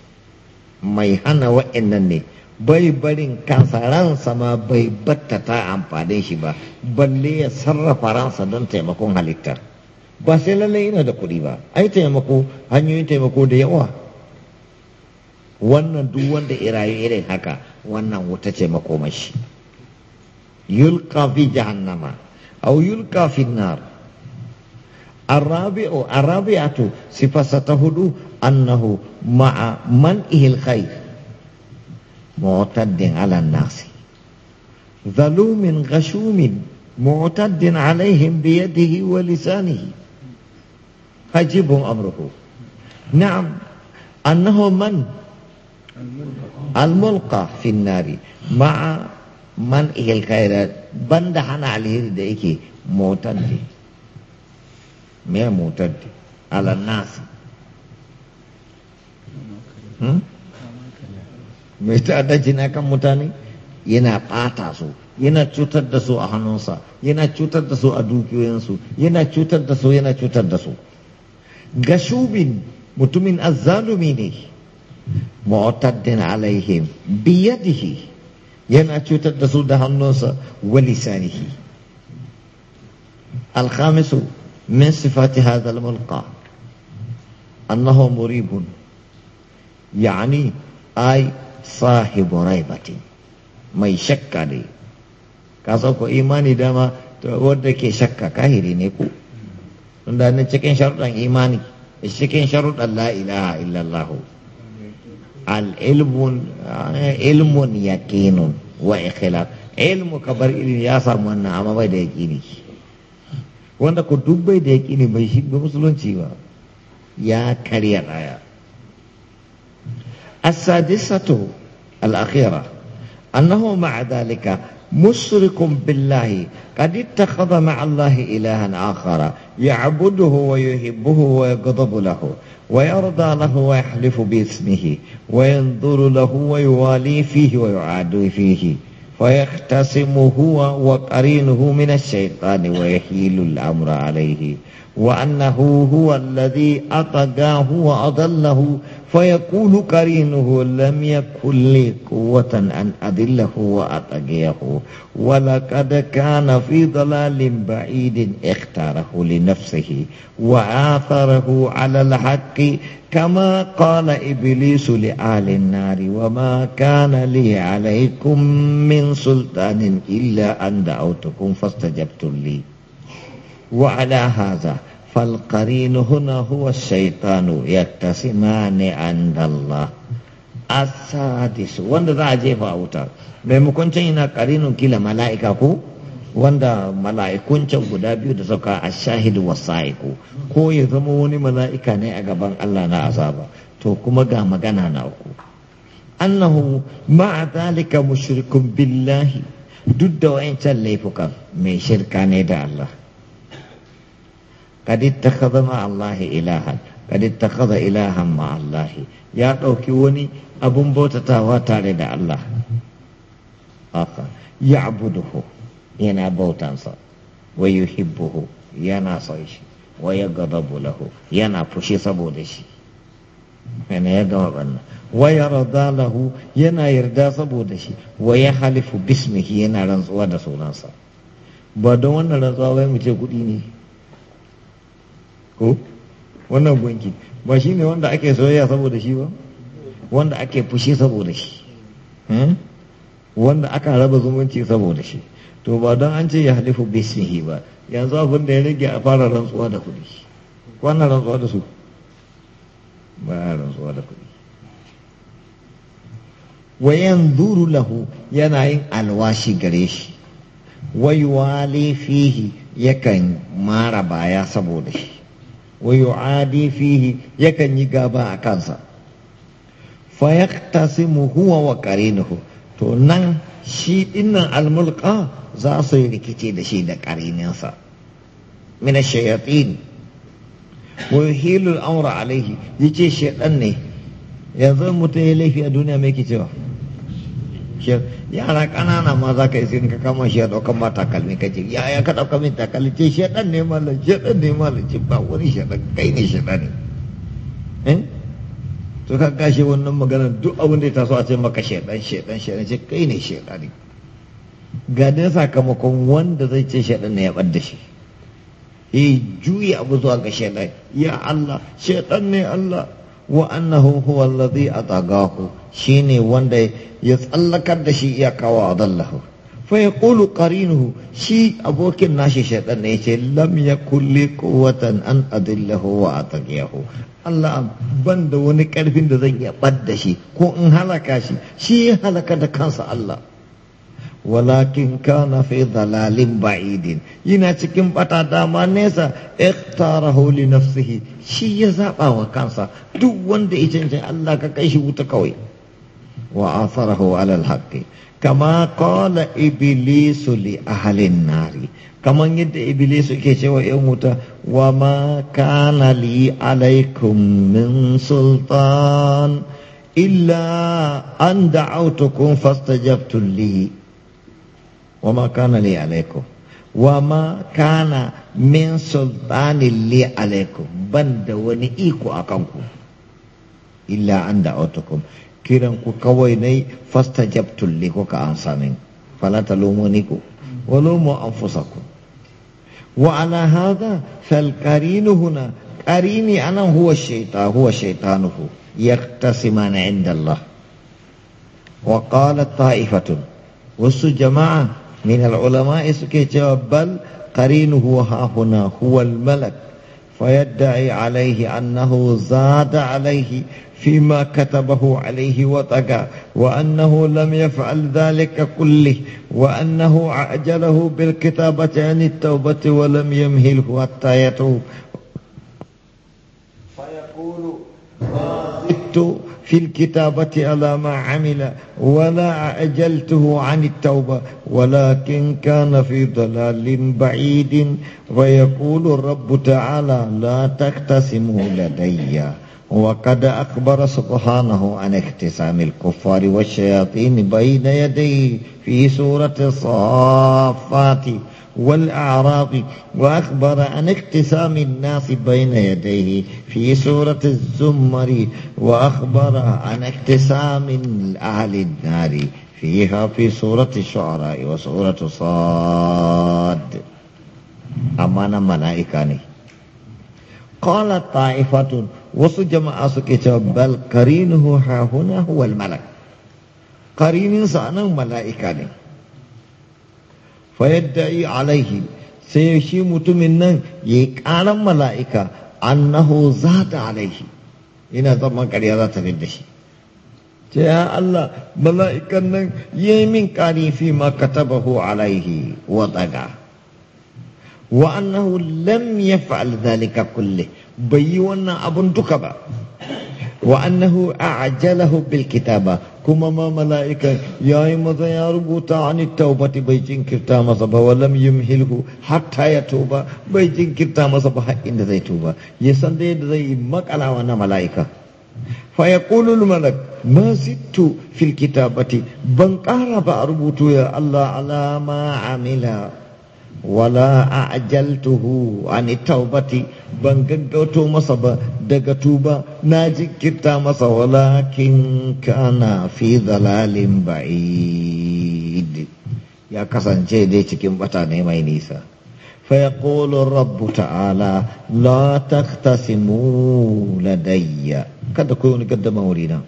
Speaker 1: mai hana wa'annan ne bai barin kansa ransa ma bai batta ta amfanin shi ba balle ya sarrafa ransa don taimakon halittar ba sai lallai yana da kuɗi ba ai taimako hanyoyin taimako da yawa wannan duk wanda irayu irin haka wannan wuta ce makomashi yulka fi jahannama au yulka fi nar arabi'u arabi'atu sifasa ta hudu أنه مع منئه الخير معتد على الناس ظلوم غشوم معتد عليهم بيده ولسانه فجب أمره نعم أنه من الملقى في النار مع منئه الخيرات بندحن عليه دائكي معتد ما معتد على الناس Hmm? mai ta'addanci na kan mutane yana ɓata su yana cutar da su a hannunsa yana cutar da su a dukiyoyinsu yana cutar da su yana cutar da su gashubin mutumin azzalumi ne mu'taddin alaihim biyadihi yana cutar da su da hannunsa wa lisanihi alkhamisu min sifati hadha almulqa annahu muribun yani ai sahibu raibatin mai shakka ne ka ko imani dama wanda ke shakka kahiri ne ku tunda ne cikin sharuɗan imani cikin sharuɗan la ilaha illallah al eh, ilmun ilmun yaqinun wa ikhlaq ilmu kabar ilmi ya samu wannan amma bai da yaqini wanda ku duk bai da yaqini bai shi musulunci ba ya karya daya السادسة الأخيرة أنه مع ذلك مشرك بالله قد اتخذ مع الله إلها آخر يعبده ويحبه ويغضب له ويرضى له ويحلف باسمه وينظر له ويوالي فيه ويعادي فيه فيختصم هو وقرينه من الشيطان ويحيل الأمر عليه وأنه هو الذي أطقاه وأضله فيقول كرينه لم يكن لي قوة أن أدله وأطقيه ولقد كان في ضلال بعيد اختاره لنفسه وآثره على الحق كما قال إبليس لآل النار وما كان لي عليكم من سلطان إلا أن دعوتكم فاستجبتم لي وعلى هذا فالقرين هنا هو الشيطان يتسمان عند الله السادس وند راجي فاوتا maimakon can yana karinin gila mala'ika ko wanda mala'ikun guda biyu da sauka a shahidu wasa'iku ko ya zama wani mala'ika ne a gaban Allah na azaba to kuma ga magana na uku annahu ma'azalika zalika mushrikun billahi duk da wayancan laifukan mai shirka ne da Allah قد اتخذ مع الله إلها قد اتخذ إلها مع الله يا أوكي وني أبن بوتتا واتارد الله آخر يعبده ينا بوتانسا ويحبه ينا صيش ويغضب له ينا فشي سبودش أنا يغضب أنه ويرضى له ينا يرضى سبودش ويخالف باسمه ينا رنسوا دسولانسا ba don wannan rantsuwa wai mu ce kuɗi ne ko wannan gunki ba shi ne wanda ake soyayya saboda shi ba wanda ake fushi saboda shi hmm? wanda aka raba zumunci saboda shi to ba don an ce ya halifu bismihi ba yanzu abin da ya rage a fara rantsuwa da kuɗi wannan rantsuwa da su ba rantsuwa da kuɗi wayan zuru lahu yana yin alwashi gare shi wayuwa fihi yakan mara baya saboda shi wa yu'adi fihi yakan yi gaba a kansa fa yaqtasimu huwa wa qarinuhu to nan shi dinnan almulka za su yi rikici da shi da qarininsa min ash-shayatin wa yuhilu al-amra alayhi yace shedan ne yanzu mutum ya laifi a duniya mai kicewa cewa yara ƙanana ma za ka isi ka kama shi ya ɗaukan ba takalmi ka ce ya ya ka ɗauka min takalmi ce shaidan ne la shaidan ne malam ce ba wani shaidan kai ne shaidan ne eh? to ka kashe wannan magana duk abin da ya taso a ce maka shaidan shaidan shaidan ce kai ne shaidan ne ga dai sakamakon wanda zai ce shaidan ne ya ɓad da shi ya juya abu zuwa ga shaidan ya Allah shaidan ne Allah wa annahu huwa alladhi ataqahu shine wanda ya tsallakar da shi ya a adallahu fa ƙulu ƙarinu shi abokin nashi shaytan ne yace lam ya kulle kowatan an adillahu wa tagiyahu Allah ban da wani ƙarfin da zan iya ɓadda shi ko in halaka shi shi ya halaka da kansa Allah walakin kana fi dalalin ba'idin yana cikin bata dama nesa tara li nafsihi shi ya zaba wa kansa duk wanda ya cancanci Allah ka kai shi wuta kawai وآثره على الحق كما قال إبليس لأهل النار كما يد إبليس كيشوا يموت وما كان لي عليكم من سلطان إلا أن دعوتكم فاستجبتم لي وما كان لي عليكم وما كان من سلطان لي عليكم بند ونئيكم أكمكم إلا أن دعوتكم kiran ku kawai nai fasta jabtul li an amsa min fala ni ku wa lumu anfusakum wa ala hadha fal qarin huna anan huwa shaytan huwa shaytanuhu yaqtasiman inda Allah wa qalat ta'ifatun wasu jama'a min al ulama suke cewa bal karinuhu ha huna huwa al malak فيدعي عليه أنه زاد عليه فيما كتبه عليه وطقى وأنه لم يفعل ذلك كله وأنه عجله بالكتابة عن التوبة ولم يمهله حتى يتوب فيقول رغبت في الكتابة على ما عمل ولا أجلته عن التوبة ولكن كان في ضلال بعيد ويقول الرب تعالى لا تقتسموا لدي وقد أخبر سبحانه عن اختسام الكفار والشياطين بين يديه في سورة الصافات والأعراض وأخبر عن اقتسام الناس بين يديه في سورة الزمر وأخبر عن اقتسام أهل النار فيها في سورة الشعراء وسورة صاد أمانا ملائكاني قالت طائفة وسجم أسكت بل قرينه ها هنا هو الملك قرين سأنا ملائكاني fayaddai alaihi sai shi mutumin nan ya yi ƙaran mala'ika annahu za ta alaihi ina zaman ƙarya za ta da shi ce ya Allah mala'ikan nan ya yi min ƙari fi ma katabahu alaihi wa daga wa annahu lam yaf'al dhalika kulli bai yi wannan abun duka ba wa annahu a'jalahu bil kitaba kuma ma mala'ika yayi maza ya rubuta an taubati bai jinkirta masa ba walam yumhilhu hatta ya tuba bai jinkirta masa ba haƙin da zai tuba ya san da yadda zai makala na mala'ika fa yaqulu al malak ma zittu fil kitabati ban ƙara ba a rubutu ya Allah ala ma amila wala a'jaltuhu an taubati ban gaggauto masa ba daga tuba na jikita masa walakin kana fi dalalin ba'id ya kasance da cikin bata ne mai nisa fa yaqulu rabbu ta'ala la taktasimu ladayya kada ku yi wani gaddama wurina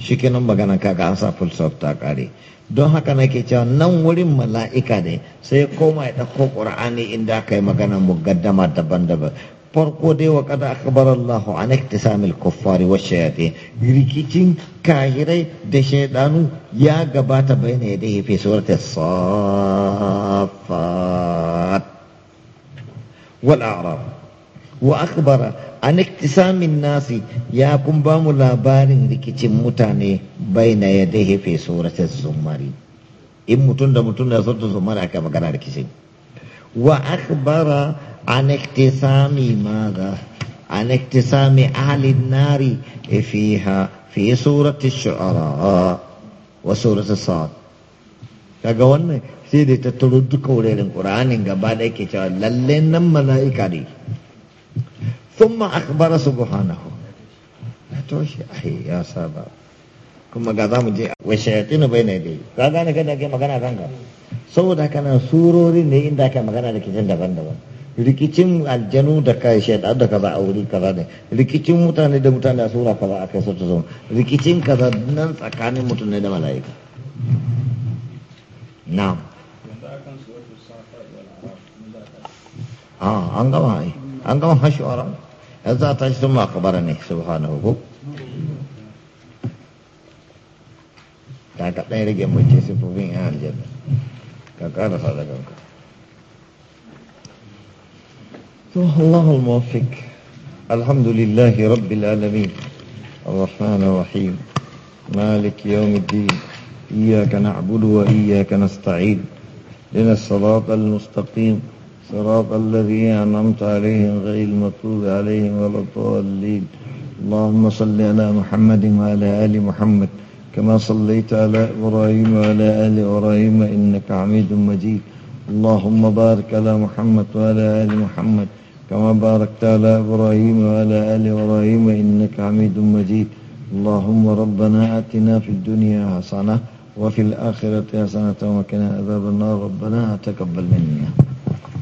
Speaker 1: shikenan magana kaga an sa full stop ta kare don haka nake cewa nan wurin mala'ika ne sai koma ya ɗauko ƙur'ani inda aka yi magana mu gaddama daban-daban farko dai wa kada akbar Allahu an iktisamil kuffari wa shayatin rikicin kahirai da shaidanu ya gabata yadda ya fi surati safat wal wa akhbara an iktisamin nasi ya kun ba mu labarin rikicin mutane bai na ya dai hefe suratul zumari in mutum da mutum da suratul zumari aka magana rikicin wa bara an iktisami maza an iktisami ahalin nari fiha fi suratul shu'ara wa suratul sa'ad kaga wannan sai da tattaro duka wuraren ƙura'anin gaba da yake cewa lallai nan mala'ika ne thumma akhbara subhanahu to shi ai ya saba kuma ga mu je wa shayatin bayna dai ka gane kada ke magana kanka saboda kana surori ne inda ka magana da kicin daban-daban rikicin aljanu da kai shaitan da kaza a wuri kaza ne rikicin mutane da mutane a sura kaza akai su ta zama rikicin kaza nan tsakanin mutane da mala'ika na'am an gama ai an gama hashu aram هذا تعيش طيب، ما أخبرني سبحانه هو كانت تعيش لكي مجي سبحانه هو الجنة كان هذا كانت الله الموفق الحمد لله رب العالمين الرحمن الرحيم مالك يوم الدين إياك نعبد وإياك نستعين لنا الصلاة المستقيم صراط الذين أنعمت عليهم غير المطلوب عليهم ولا الضالين اللهم صل على محمد وعلى آل محمد كما صليت على إبراهيم وعلى آل إبراهيم إنك حميد مجيد اللهم بارك على محمد وعلى آل محمد كما باركت على إبراهيم وعلى آل إبراهيم إنك حميد مجيد اللهم ربنا آتنا في الدنيا حسنة وفي الآخرة حسنة وقنا عذاب النار ربنا تقبل منا